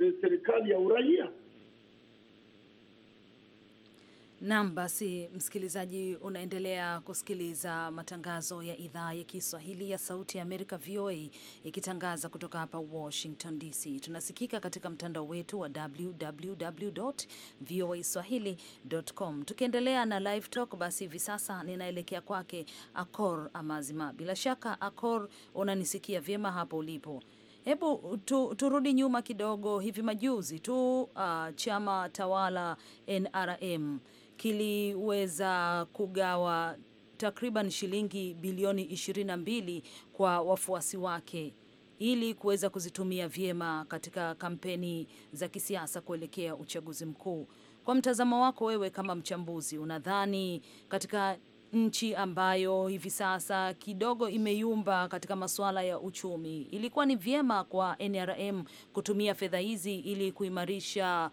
eh, serikali ya uraia. Nam, basi msikilizaji, unaendelea kusikiliza matangazo ya idhaa ya Kiswahili ya Sauti ya Amerika, VOA, ikitangaza kutoka hapa Washington DC. Tunasikika katika mtandao wetu wa www voa swahili.com. Tukiendelea na live talk, basi hivi sasa ninaelekea kwake Akor Amazima. Bila shaka, Akor, unanisikia vyema hapo ulipo? Hebu tu, turudi nyuma kidogo. Hivi majuzi tu uh, chama tawala NRM kiliweza kugawa takriban shilingi bilioni 22 kwa wafuasi wake ili kuweza kuzitumia vyema katika kampeni za kisiasa kuelekea uchaguzi mkuu. Kwa mtazamo wako wewe kama mchambuzi, unadhani katika nchi ambayo hivi sasa kidogo imeyumba katika masuala ya uchumi, ilikuwa ni vyema kwa NRM kutumia fedha hizi ili kuimarisha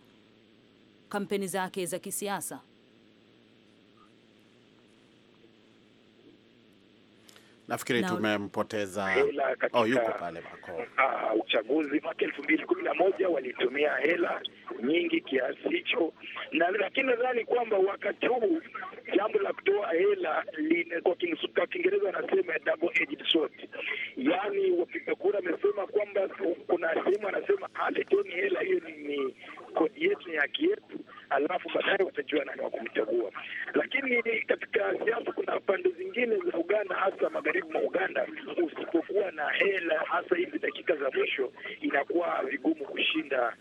kampeni zake za kisiasa? Nafikiri tumempoteza hela katika oh, yuko pale bako. Uh, ah, ah, uchaguzi mwaka elfu mbili kumi na moja walitumia hela nyingi kiasi hicho, na lakini nadhani kwamba wakati huu jambo la kutoa hela kwa Kiingereza wanasema double edged sword, yaani wapiga kura amesema kwamba kuna sehemu anasema aleteni ah, hela hiyo, ni kodi yetu, ni haki yetu, alafu baadaye watajua nani wa kumchagua. Lakini katika siasa kuna pande zingine za Uganda hasa magharibi mwa Uganda, usipokuwa na hela, hasa hizi dakika za mwisho, inakuwa vigumu kushinda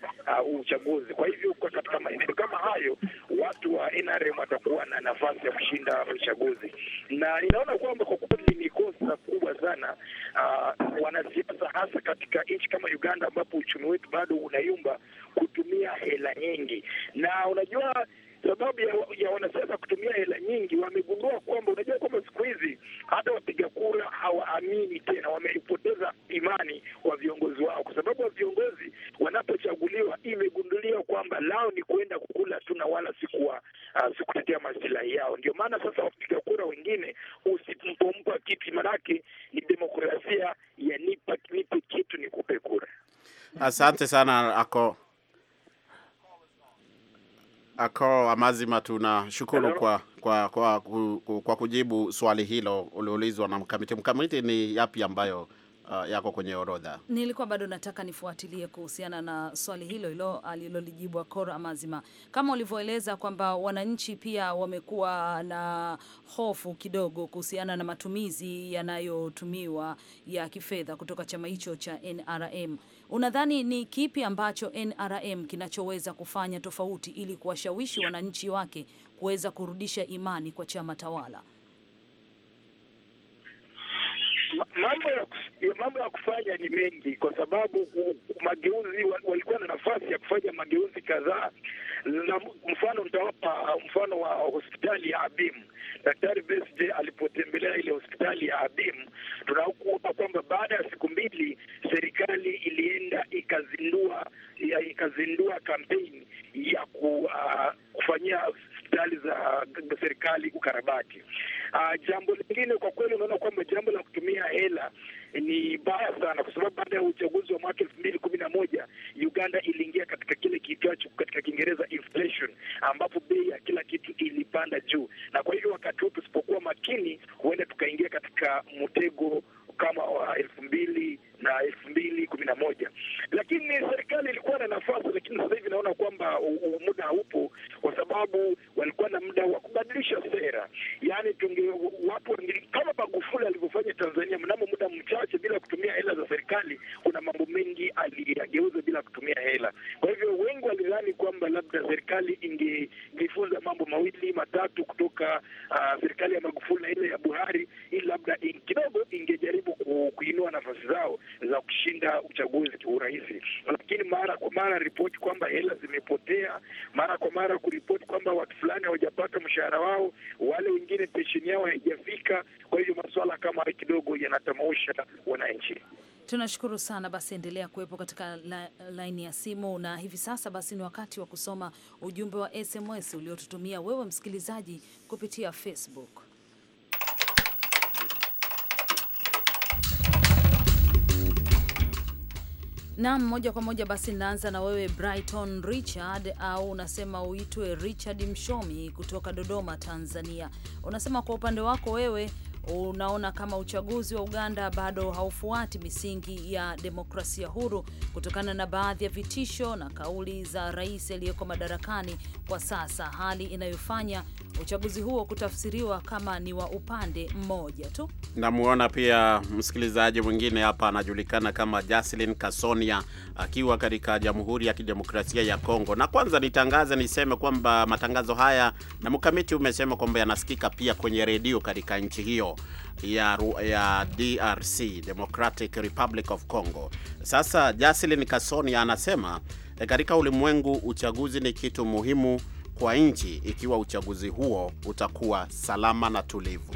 uh, uchaguzi. Kwa hivyo kwa katika maeneo kama hayo, watu wa NRM watakuwa na nafasi ya kushinda uchaguzi, na ninaona kwamba kwa kweli ni kosa kubwa sana uh, wanasiasa hasa katika nchi kama Uganda ambapo uchumi wetu bado unayumba, kutumia hela nyingi, na unajua sababu ya, ya wanasiasa kutumia hela nyingi, wamegundua kwamba unajua kwamba siku hizi hata wapiga kura hawaamini tena, wamepoteza imani wa viongozi wao, kwa sababu wa viongozi wanapochaguliwa imegunduliwa kwamba lao ni kuenda kukula tu na wala sikuwa uh, ah, sikutetea masilahi yao. Ndio maana sasa wapiga kura wengine usipompa kiti, manake ni demokrasia ya nipa nipe kitu nikupe kura. Asante sana ako Akol Amazima, tunashukuru kwa kwa, kwa kwa kujibu swali hilo uliulizwa na mkamiti. Mkamiti, ni yapi ambayo Uh, yako kwenye orodha. Nilikuwa bado nataka nifuatilie kuhusiana na swali hilo hilo alilolijibu Akora amazima kama ulivyoeleza kwamba wananchi pia wamekuwa na hofu kidogo kuhusiana na matumizi yanayotumiwa ya kifedha kutoka chama hicho cha NRM. Unadhani ni kipi ambacho NRM kinachoweza kufanya tofauti ili kuwashawishi wananchi wake kuweza kurudisha imani kwa chama tawala? mambo ya, mambo ya kufanya ni mengi, kwa sababu mageuzi walikuwa na nafasi ya kufanya mageuzi kadhaa, na mfano nitawapa uh, mfano wa hospitali ya Abimu. Daktari Besje alipotembelea ile hospitali ya abim tunakuona kwamba baada ya siku mbili serikali ilienda ikazindua ya ikazindua kampeni ya ku, uh, kufanyia hospitali za serikali kukarabati. Uh, jambo lingine kwa kweli, unaona kwamba jambo la kutumia hela ni baya sana, kwa sababu baada ya uchaguzi wa mwaka elfu mbili kumi na moja Uganda iliingia katika kile kiitwacho katika Kiingereza inflation, ambapo bei ya kila kitu ilipanda juu, na kwa hivyo wakati huu tusipokuwa makini, huenda tukaingia katika mtego kama wa elfu mbili na elfu mbili kumi na moja lakini serikali ilikuwa na nafasi, lakini sasa hivi naona kwamba muda haupo, kwa sababu walikuwa na muda wa kubadilisha sera. Yani tunge kama Magufuli alivyofanya Tanzania mnamo muda mchache bila kutumia hela za serikali, kuna mambo mengi aliyageuza bila kutumia hela. Kwa hivyo wengi walidhani kwamba labda serikali ingejifunza mambo mawili matatu kutoka uh, serikali ya Magufuli na ile ya Buhari, ili labda kidogo ingejaribu kuinua nafasi zao za kushinda uchaguzi kiurahisi, lakini mara kwa mara ripoti kwamba hela zimepotea, mara kwa mara kuripoti kwamba watu fulani hawajapata mshahara wao, wale wengine pensheni yao haijafika. Kwa hivyo masuala kama hayo kidogo yanatamausha wananchi. Tunashukuru sana basi, endelea kuwepo katika la, laini ya simu. Na hivi sasa basi ni wakati wa kusoma ujumbe wa SMS uliotutumia wewe msikilizaji kupitia Facebook. Naam, moja kwa moja basi ninaanza na wewe Brighton Richard, au unasema uitwe Richard Mshomi kutoka Dodoma, Tanzania. Unasema kwa upande wako wewe unaona kama uchaguzi wa Uganda bado haufuati misingi ya demokrasia huru kutokana na baadhi ya vitisho na kauli za rais aliyeko madarakani kwa sasa, hali inayofanya uchaguzi huo kutafsiriwa kama ni wa upande mmoja tu. Namwona pia msikilizaji mwingine hapa anajulikana kama Jaslin Kasonia akiwa katika Jamhuri ya Kidemokrasia ya Kongo. Na kwanza nitangaze niseme kwamba matangazo haya na mkamiti umesema kwamba yanasikika pia kwenye redio katika nchi hiyo ya, ya DRC, Democratic Republic of Congo. Sasa Jaslin Kasonia anasema eh, katika ulimwengu uchaguzi ni kitu muhimu kwa nchi ikiwa uchaguzi huo utakuwa salama na tulivu.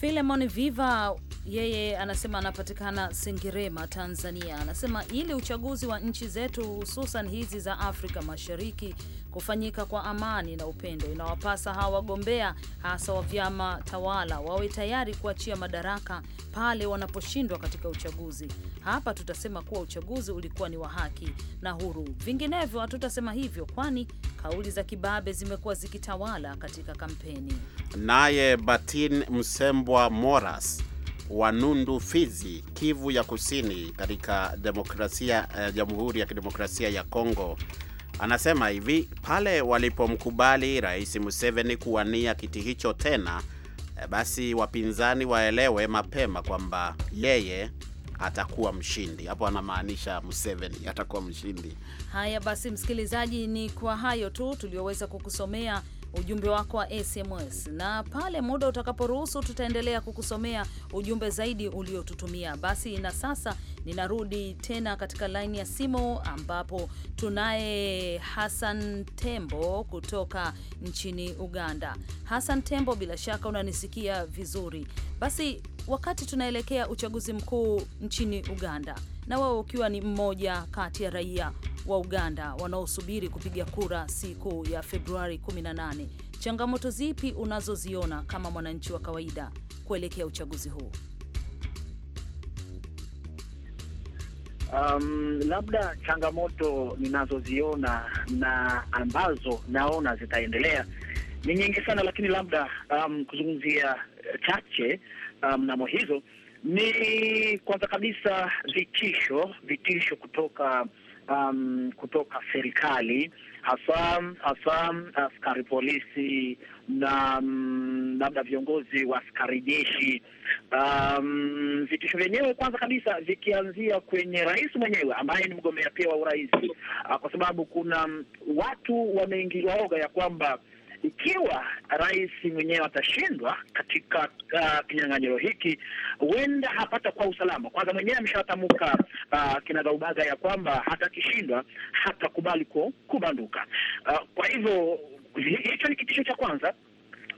Filemon Viva yeye anasema anapatikana Sengerema, Tanzania. Anasema ili uchaguzi wa nchi zetu hususan hizi za Afrika Mashariki kufanyika kwa amani na upendo. Inawapasa hawa wagombea hasa wa vyama tawala wawe tayari kuachia madaraka pale wanaposhindwa katika uchaguzi. Hapa tutasema kuwa uchaguzi ulikuwa ni wa haki na huru, vinginevyo hatutasema hivyo, kwani kauli za kibabe zimekuwa zikitawala katika kampeni. Naye Batin Msembwa Moras wa Nundu, Fizi, Kivu ya Kusini, katika demokrasia, eh, Jamhuri ya Kidemokrasia ya Kongo Anasema hivi, pale walipomkubali Rais Museveni kuwania kiti hicho tena, eh, basi wapinzani waelewe mapema kwamba yeye atakuwa mshindi. Hapo anamaanisha Museveni atakuwa mshindi. Haya basi, msikilizaji, ni kwa hayo tu tulioweza kukusomea ujumbe wako wa SMS, na pale muda utakaporuhusu tutaendelea kukusomea ujumbe zaidi uliotutumia. Basi na sasa ninarudi tena katika laini ya simu ambapo tunaye Hassan Tembo kutoka nchini Uganda. Hassan Tembo, bila shaka unanisikia vizuri. Basi wakati tunaelekea uchaguzi mkuu nchini Uganda na wewe ukiwa ni mmoja kati ya raia wa Uganda wanaosubiri kupiga kura siku ya Februari 18, changamoto zipi unazoziona kama mwananchi wa kawaida kuelekea uchaguzi huu? Um, labda changamoto ninazoziona na ambazo naona zitaendelea ni nyingi sana, lakini labda um, kuzungumzia chache mnamo um, hizo ni kwanza kabisa vitisho, vitisho kutoka um, kutoka serikali hasa hasa askari polisi na um, labda viongozi wa askari jeshi. Um, vitisho vyenyewe kwanza kabisa vikianzia kwenye rais mwenyewe ambaye ni mgombea pia wa urais, uh, kwa sababu kuna um, watu wameingiwa oga ya kwamba ikiwa rais mwenyewe atashindwa katika uh, kinyang'anyiro hiki, huenda hapata kwa usalama. Kwanza mwenyewe ameshatamka uh, kinagaubaga ya kwamba hata akishindwa hatakubali kubanduka. Uh, kwa hivyo hicho ni kitisho cha kwanza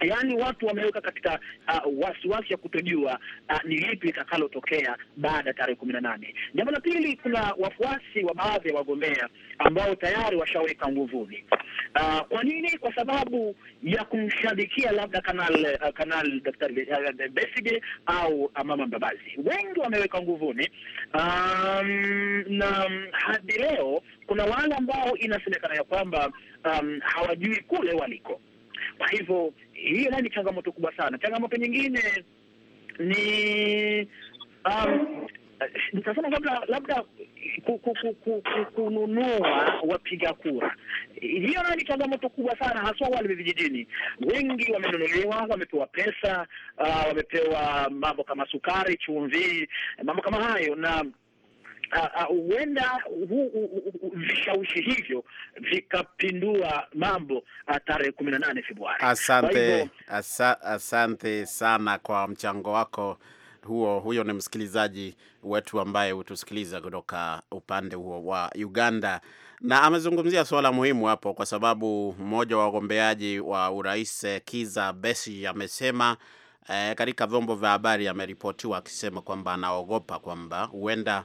Yaani watu wameweka katika uh, wasiwasi ya kutojua uh, ni lipi litakalotokea baada ya tarehe kumi na nane. Jambo la pili, kuna wafuasi wa baadhi ya wagombea ambao tayari washaweka nguvuni. Uh, kwa nini? Kwa sababu ya kumshabikia labda kanal uh, kanal Daktari uh, Besige au uh, mama Mbabazi, wengi wameweka nguvuni. Um, na um, hadi leo kuna wale ambao inasemekana ya kwamba um, hawajui kule waliko, kwa hivyo hiyo nayo ni changamoto kubwa sana. Changamoto nyingine ni um, nitasema labda labda kununua wapiga kura, hiyo nayo ni changamoto kubwa sana, haswa wale vijijini. Wengi wamenunuliwa, wamepewa pesa, uh, wamepewa mambo kama sukari, chumvi, mambo kama hayo na Ah, ah, huenda vishawishi hivyo vikapindua mambo ah, tarehe kumi na nane Februari. Asante, asa, asante sana kwa mchango wako huo. Huyo ni msikilizaji wetu ambaye hutusikiliza kutoka upande huo wa Uganda, na amezungumzia suala muhimu hapo, kwa sababu mmoja wa wagombeaji wa urais eh, Kiza Besi amesema eh, katika vyombo vya habari ameripotiwa akisema kwamba anaogopa kwamba huenda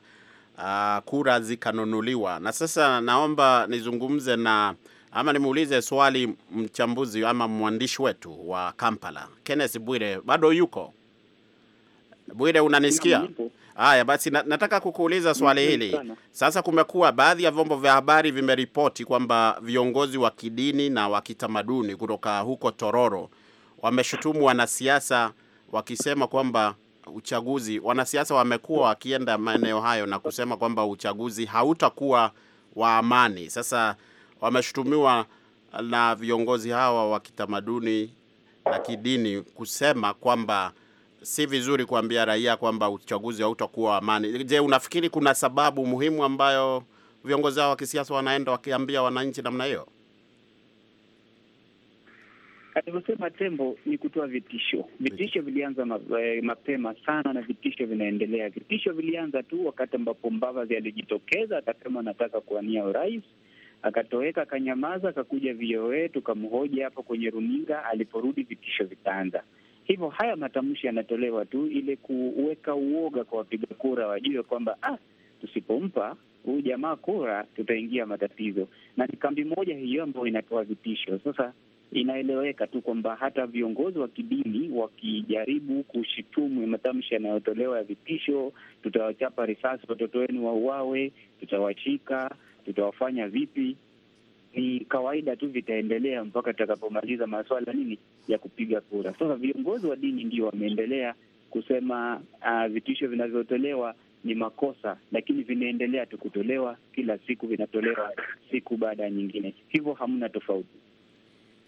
uh, kura zikanunuliwa. Na sasa naomba nizungumze na ama nimuulize swali mchambuzi ama mwandishi wetu wa Kampala Kenneth Bwire, bado yuko Bwire, unanisikia? Haya basi, nataka kukuuliza swali hili sasa. Kumekuwa baadhi ya vyombo vya habari vimeripoti kwamba viongozi wa kidini na wa kitamaduni kutoka huko Tororo wameshutumu wanasiasa wakisema kwamba uchaguzi, wanasiasa wamekuwa wakienda maeneo hayo na kusema kwamba uchaguzi hautakuwa wa amani. Sasa wameshutumiwa na viongozi hawa wa kitamaduni na kidini kusema kwamba si vizuri kuambia raia kwamba uchaguzi hautakuwa wa amani. Je, unafikiri kuna sababu muhimu ambayo viongozi hao wa kisiasa wanaenda wakiambia wananchi namna hiyo? alivyosema Tembo ni kutoa vitisho. Vitisho vilianza eh, mapema sana, na vitisho vinaendelea. Vitisho vilianza tu wakati ambapo Mbavazi alijitokeza akasema anataka kuwania urais, akatoweka, akanyamaza, akakuja VOA tukamhoja hapo kwenye runinga. Aliporudi vitisho vitaanza. Hivyo haya matamshi yanatolewa tu ili kuweka uoga kwa wapiga kura, wajue kwamba ah, tusipompa huyu jamaa kura tutaingia matatizo, na ni kambi moja hiyo ambayo inatoa vitisho sasa inaeleweka tu kwamba hata viongozi wa kidini wakijaribu kushitumu matamshi yanayotolewa ya vitisho, tutawachapa risasi watoto wenu wauawe, tutawachika, tutawafanya vipi, ni kawaida tu, vitaendelea mpaka tutakapomaliza masuala nini ya kupiga kura. Sasa viongozi wa dini ndio wameendelea kusema uh, vitisho vinavyotolewa ni makosa, lakini vinaendelea tu kutolewa kila siku, vinatolewa siku baada ya nyingine, hivyo hamna tofauti.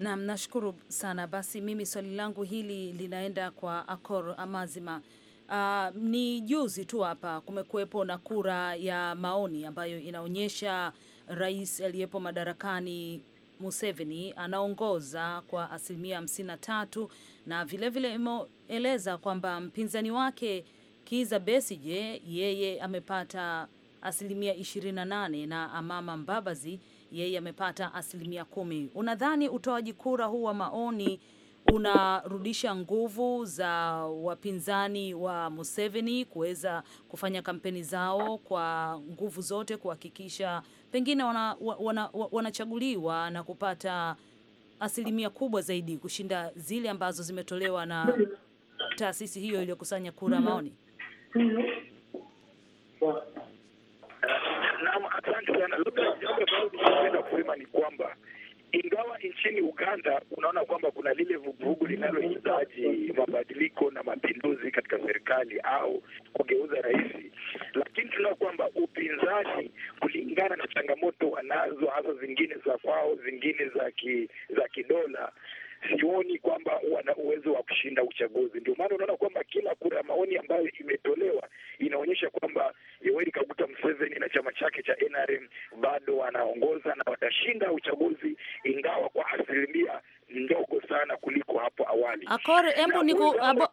Naam, nashukuru sana. Basi mimi swali langu hili linaenda kwa Akor Amazima. Uh, ni juzi tu hapa kumekuwepo na kura ya maoni ambayo inaonyesha rais aliyepo madarakani Museveni anaongoza kwa asilimia hamsini na tatu na vilevile imeeleza kwamba mpinzani wake Kiza Besije yeye amepata asilimia ishirini na nane na Amama Mbabazi yeye amepata asilimia kumi. Unadhani utoaji kura huu wa maoni unarudisha nguvu za wapinzani wa Museveni kuweza kufanya kampeni zao kwa nguvu zote kuhakikisha pengine wanachaguliwa wana, wana na kupata asilimia kubwa zaidi kushinda zile ambazo zimetolewa na taasisi hiyo iliyokusanya kura maoni? Naam, asante sana. Labda jambo ambalo ningependa kusema ni kwamba ingawa nchini Uganda unaona kwamba kuna lile vuguvugu linalohitaji mabadiliko na mapinduzi katika serikali au kugeuza rais, lakini tunaona kwamba upinzani, kulingana na changamoto wanazo, hasa zingine za kwao, zingine za ki, za kidola, sioni kwamba wana uwezo wa kushinda uchaguzi. Ndio maana unaona kwamba kila kura ya maoni ambayo imetolewa inaonyesha kwamba Yoweri Kaguta Museveni na chama chake cha NRM bado wanaongoza na watashinda uchaguzi, ingawa kwa asilimia ndogo sana kuliko hapo awali. Akore, hebu niku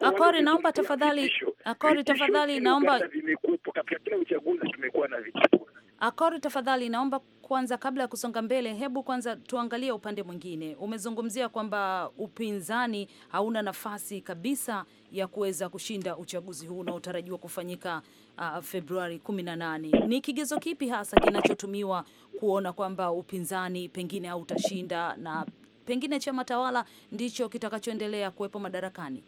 Akore, naomba tafadhali, Akore tafadhali, naomba vimekuwepo katika kila uchaguzi, tumekuwa na vitisho Akor, tafadhali naomba kwanza, kabla ya kusonga mbele, hebu kwanza tuangalie upande mwingine. Umezungumzia kwamba upinzani hauna nafasi kabisa ya kuweza kushinda uchaguzi huu unaotarajiwa kufanyika uh, Februari 18. Ni kigezo kipi hasa kinachotumiwa kuona kwamba upinzani pengine hautashinda na pengine chama tawala ndicho kitakachoendelea kuwepo madarakani?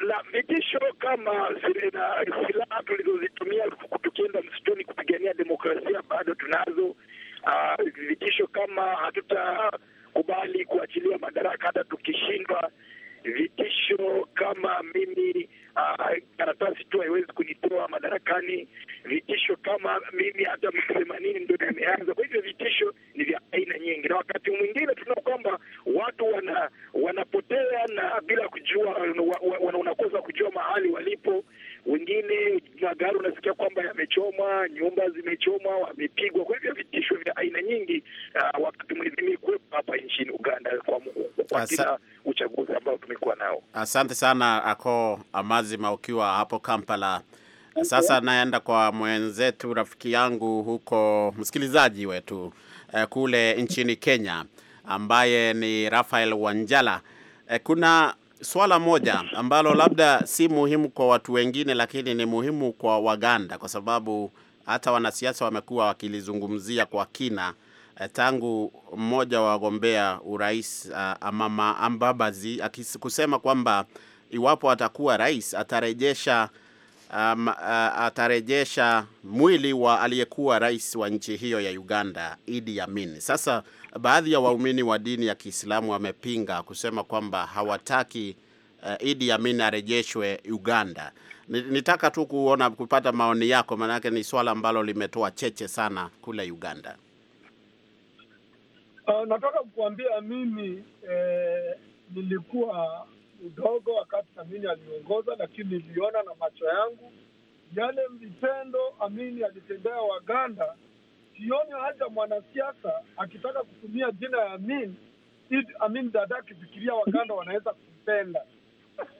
la vitisho kama zile na silaha tulizozitumia tukienda msituni kupigania demokrasia bado tunazo. Uh, vitisho kama hatutakubali kuachilia madaraka hata tukishindwa, vitisho kama mimi Ah, karatasi tu haiwezi kujitoa madarakani. Vitisho kama mimi hata themanini ndo yameanza. Kwa hivyo vitisho ni vya aina nyingi, na wakati mwingine tunaona kwamba watu wana, wanapotea na bila kujua wanakosa wana kujua mahali walipo. Wengine magari unasikia kwamba yamechoma nyumba zimechomwa, wamepigwa. Kwa hivyo vitisho vya aina nyingi uh, wakati mwingine kuwepo hapa nchini Uganda kwa, kwa kila uchaguzi ambao tumekuwa nao. Asante sana ako amazi lazima ukiwa hapo Kampala. Sasa naenda kwa mwenzetu rafiki yangu huko, msikilizaji wetu eh, kule nchini Kenya ambaye ni Rafael Wanjala. Eh, kuna swala moja ambalo labda si muhimu kwa watu wengine, lakini ni muhimu kwa Waganda kwa sababu hata wanasiasa wamekuwa wakilizungumzia kwa kina eh, tangu mmoja wa wagombea urais ah, Amama Ambabazi akisema kwamba iwapo atakuwa rais atarejesha um, uh, atarejesha mwili wa aliyekuwa rais wa nchi hiyo ya Uganda Idi Amin. Sasa baadhi ya waumini wa dini ya Kiislamu wamepinga kusema kwamba hawataki uh, Idi Amin arejeshwe Uganda. Nitaka tu kuona kupata maoni yako, maanake ni swala ambalo limetoa cheche sana kule Uganda. Uh, nataka kukuambia mimi eh, nilikuwa mdogo wakati Amini aliongoza, lakini niliona na macho yangu yale vitendo Amini alitendea Waganda. Sioni haja mwanasiasa akitaka kutumia jina ya Amin ii Amin dada akifikiria Waganda wanaweza kumpenda.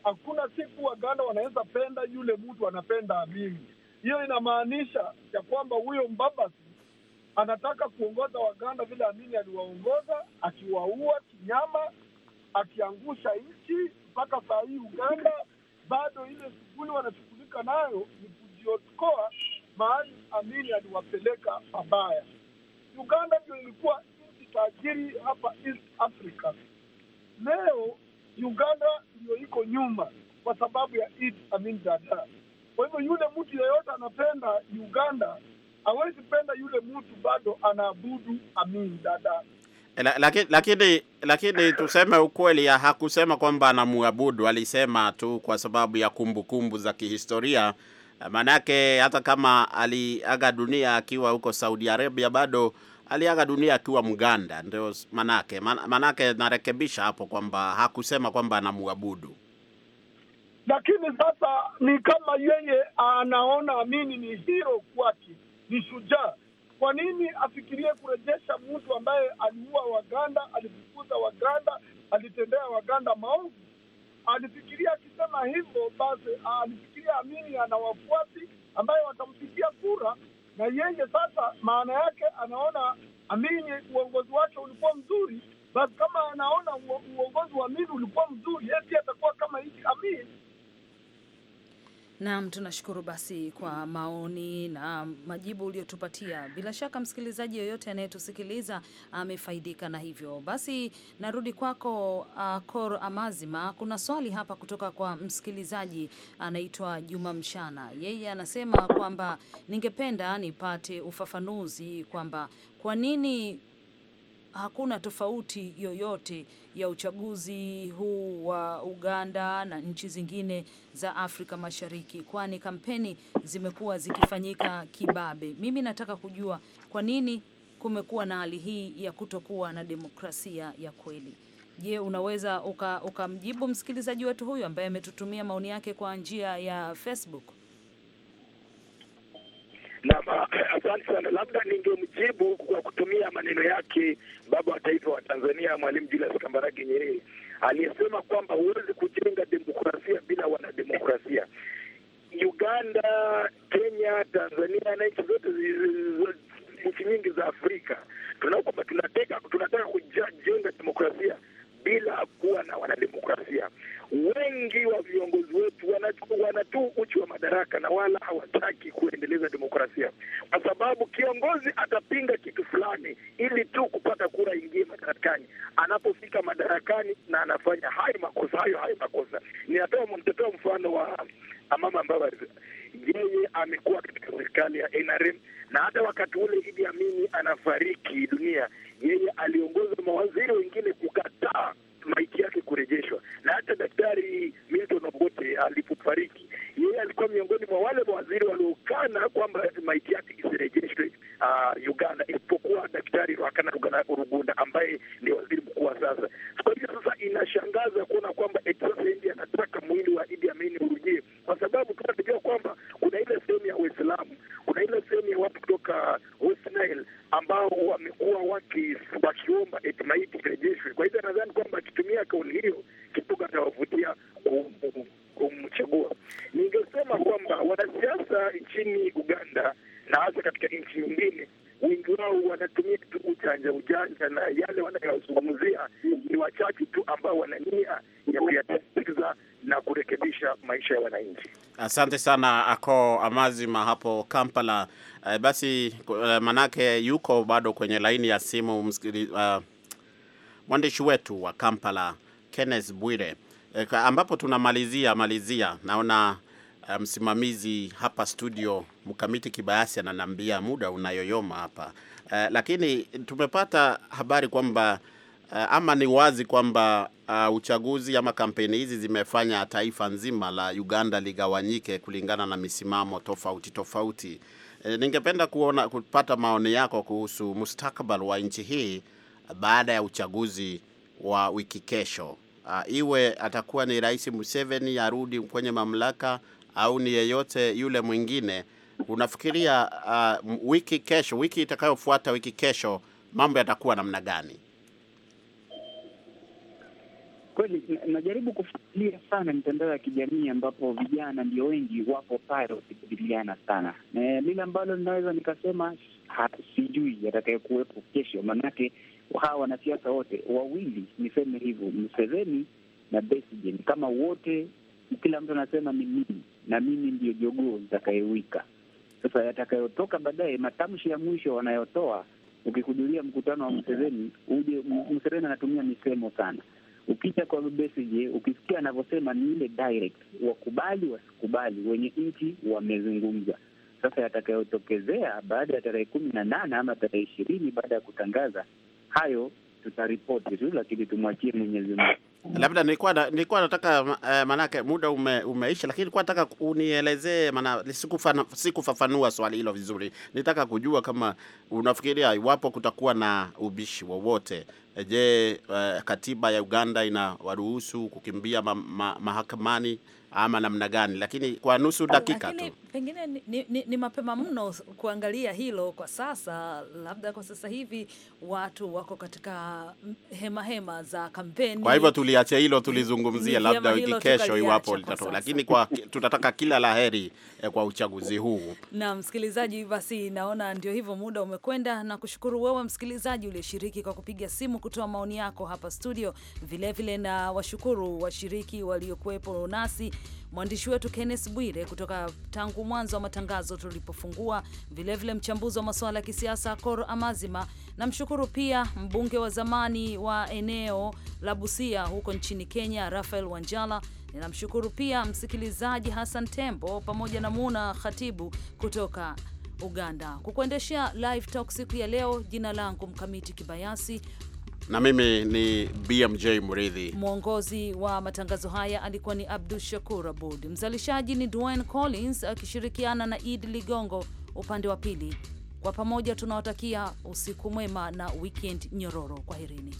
Hakuna siku Waganda wanaweza penda yule mtu anapenda Amini. Hiyo inamaanisha ya kwamba huyo Mbabasi anataka kuongoza Waganda vile Amini aliwaongoza, akiwaua kinyama, akiangusha nchi mpaka saa hii Uganda bado ile suguli wanashughulika nayo ni kujiokoa mahali Amini aliwapeleka pabaya. Uganda ndio ilikuwa nchi tajiri hapa East Africa. Leo Uganda ndio iko nyuma kwa sababu ya Idi Amin Dada. Kwa hivyo yule mtu yeyote anapenda Uganda hawezi penda yule mtu bado anaabudu Amin Dada. Lakini lakini lakini tuseme ukweli, hakusema kwamba anamuabudu, alisema tu kwa sababu ya kumbukumbu kumbu za kihistoria. Maanake hata kama aliaga dunia akiwa huko Saudi Arabia, bado aliaga dunia akiwa Mganda. Ndio manake manake, narekebisha hapo kwamba hakusema kwamba anamuabudu, lakini sasa ni kama yeye anaona mimi ni hero kwake, ni shujaa kwa nini afikirie kurejesha mtu ambaye aliua Waganda, alifukuza Waganda, alitendea Waganda maovu? Alifikiria akisema hivyo, basi alifikiria amini ana wafuasi ambaye watampigia kura, na yeye sasa, maana yake anaona amini uongozi wake ulikuwa mzuri. Basi kama anaona uongozi wa amini ulikuwa mzuri, yeye pia atakuwa kama hiki amini Naam, tunashukuru basi kwa maoni na majibu uliotupatia. Bila shaka msikilizaji yoyote anayetusikiliza amefaidika na hivyo basi. Narudi kwako uh, Kor Amazima. Kuna swali hapa kutoka kwa msikilizaji anaitwa Juma Mshana, yeye anasema kwamba ningependa nipate ufafanuzi kwamba kwa nini hakuna tofauti yoyote ya uchaguzi huu wa Uganda na nchi zingine za Afrika Mashariki, kwani kampeni zimekuwa zikifanyika kibabe. Mimi nataka kujua kwa nini kumekuwa na hali hii ya kutokuwa na demokrasia ya kweli. Je, unaweza ukamjibu uka msikilizaji wetu huyu ambaye ametutumia maoni yake kwa njia ya Facebook? na asante sana. Labda ningemjibu kwa kutumia maneno yake baba wa taifa wa Tanzania Mwalimu Julius Kambarage Nyerere aliyesema kwamba huwezi kujenga demokrasia bila wanademokrasia. Uganda, Kenya, Tanzania na nchi zote nchi nyingi za Afrika tunataka kujenga demokrasia bila kuwa na wanademokrasia. Wengi wa viongozi wetu wana tu uchu wa madaraka na wala hawataki kuendeleza demokrasia, kwa sababu kiongozi atapinga kitu fulani ili tu kupata kura ingie madarakani. Anapofika madarakani na anafanya hayo makosa hayo hayo makosa, mtotoa mfano wa Amama Mbabazi. Yeye amekuwa katika serikali ya NRM na hata wakati ule Idi Amini anafariki dunia yeye aliongoza mawaziri wengine kukataa maiti yake kurejeshwa, na hata Daktari Milton Obote alipofariki, yeye alikuwa miongoni mwa wale mawaziri waliokana kwamba maiti yake isirejeshwe uh, Uganda, isipokuwa Daktari Ruhakana Rugunda ambaye ni waziri mkuu wa sasa. Kwa hivyo sasa inashangaza kuona kwamba eti sasa India anataka mwili wa Idi Amin urujie, kwa sababu tunajua kwamba kuna ile sehemu ya Uislamu bado sehemu ya watu kutoka West Nile ambao wamekuwa wakiomba eti maiti irejeshwe. Kwa hivyo nadhani kwamba akitumia kauli hiyo Asante sana ako amazima hapo Kampala. Uh, basi eh, manake yuko bado kwenye laini ya simu uh, mwandishi wetu wa Kampala Kenneth Bwire uh, ambapo tunamalizia malizia, naona msimamizi um, hapa studio Mkamiti Kibayasi ananiambia muda unayoyoma hapa uh, lakini tumepata habari kwamba ama ni wazi kwamba uh, uchaguzi ama kampeni hizi zimefanya taifa nzima la Uganda ligawanyike kulingana na misimamo tofauti tofauti. E, ningependa kuona kupata maoni yako kuhusu mustakabali wa nchi hii baada ya uchaguzi wa wiki kesho. Uh, iwe atakuwa ni Rais Museveni arudi kwenye mamlaka au ni yeyote yule mwingine, unafikiria uh, wiki kesho, wiki itakayofuata, wiki kesho mambo yatakuwa namna gani? kweli najaribu kufuatilia sana mitandao ya kijamii ambapo vijana ndio wengi wapo pale wakijadiliana sana e, lile ambalo linaweza nikasema ha, sijui yatakayekuwepo kesho, maanake hawa wanasiasa wote wawili, niseme hivyo, Museveni na Besigye, kama wote kila mtu anasema ni mimi na mimi ndio jogoo nitakayewika. Sasa yatakayotoka baadaye, matamshi ya mwisho wanayotoa, ukihudhuria mkutano wa Museveni, uje Museveni anatumia misemo sana Ukija kwa Besigye, ukisikia anavyosema ni ile direct, wakubali wasikubali, wenye nchi wamezungumza. Sasa yatakayotokezea baada ya tarehe kumi na nane ama tarehe ishirini baada ya kutangaza hayo tutaripoti tu, lakini tumwachie Mwenyezi Mungu. Labda nilikuwa na, nilikuwa nataka eh, manake muda ume, umeisha, lakini nilikuwa nataka unielezee, maana sikufafanua swali hilo vizuri. Nitaka kujua kama unafikiria iwapo kutakuwa na ubishi wowote Eh, je, uh, katiba ya Uganda inawaruhusu kukimbia ma ma mahakamani ama namna gani, lakini kwa nusu dakika tu. Pengine ni, ni, ni, ni mapema mno kuangalia hilo kwa sasa, labda kwa sasa hivi watu wako katika hema hema za kampeni. Kwa hivyo tuliache hilo, tulizungumzia labda wiki kesho, iwapo litatoka, lakini kwa tutataka kila laheri eh, kwa uchaguzi huu. Na msikilizaji, basi naona ndio hivyo, muda umekwenda, na kushukuru wewe msikilizaji uliyeshiriki kwa kupiga simu kutoa maoni yako hapa studio, vilevile vile na washukuru washiriki waliokuwepo nasi mwandishi wetu Kenneth Bwire kutoka tangu mwanzo wa matangazo tulipofungua, vilevile mchambuzi wa masuala ya kisiasa cor Amazima. Namshukuru pia mbunge wa zamani wa eneo la Busia huko nchini Kenya, Rafael Wanjala. Ninamshukuru pia msikilizaji Hassan Tembo pamoja na Muna Khatibu kutoka Uganda kukuendeshea live talk siku ya leo. Jina langu Mkamiti Kibayasi, na mimi ni BMJ Mridhi. Mwongozi wa matangazo haya alikuwa ni Abdu Shakur Abud, mzalishaji ni Dwayne Collins akishirikiana na Id Ligongo upande wa pili. Kwa pamoja tunawatakia usiku mwema na weekend nyororo. Kwaherini.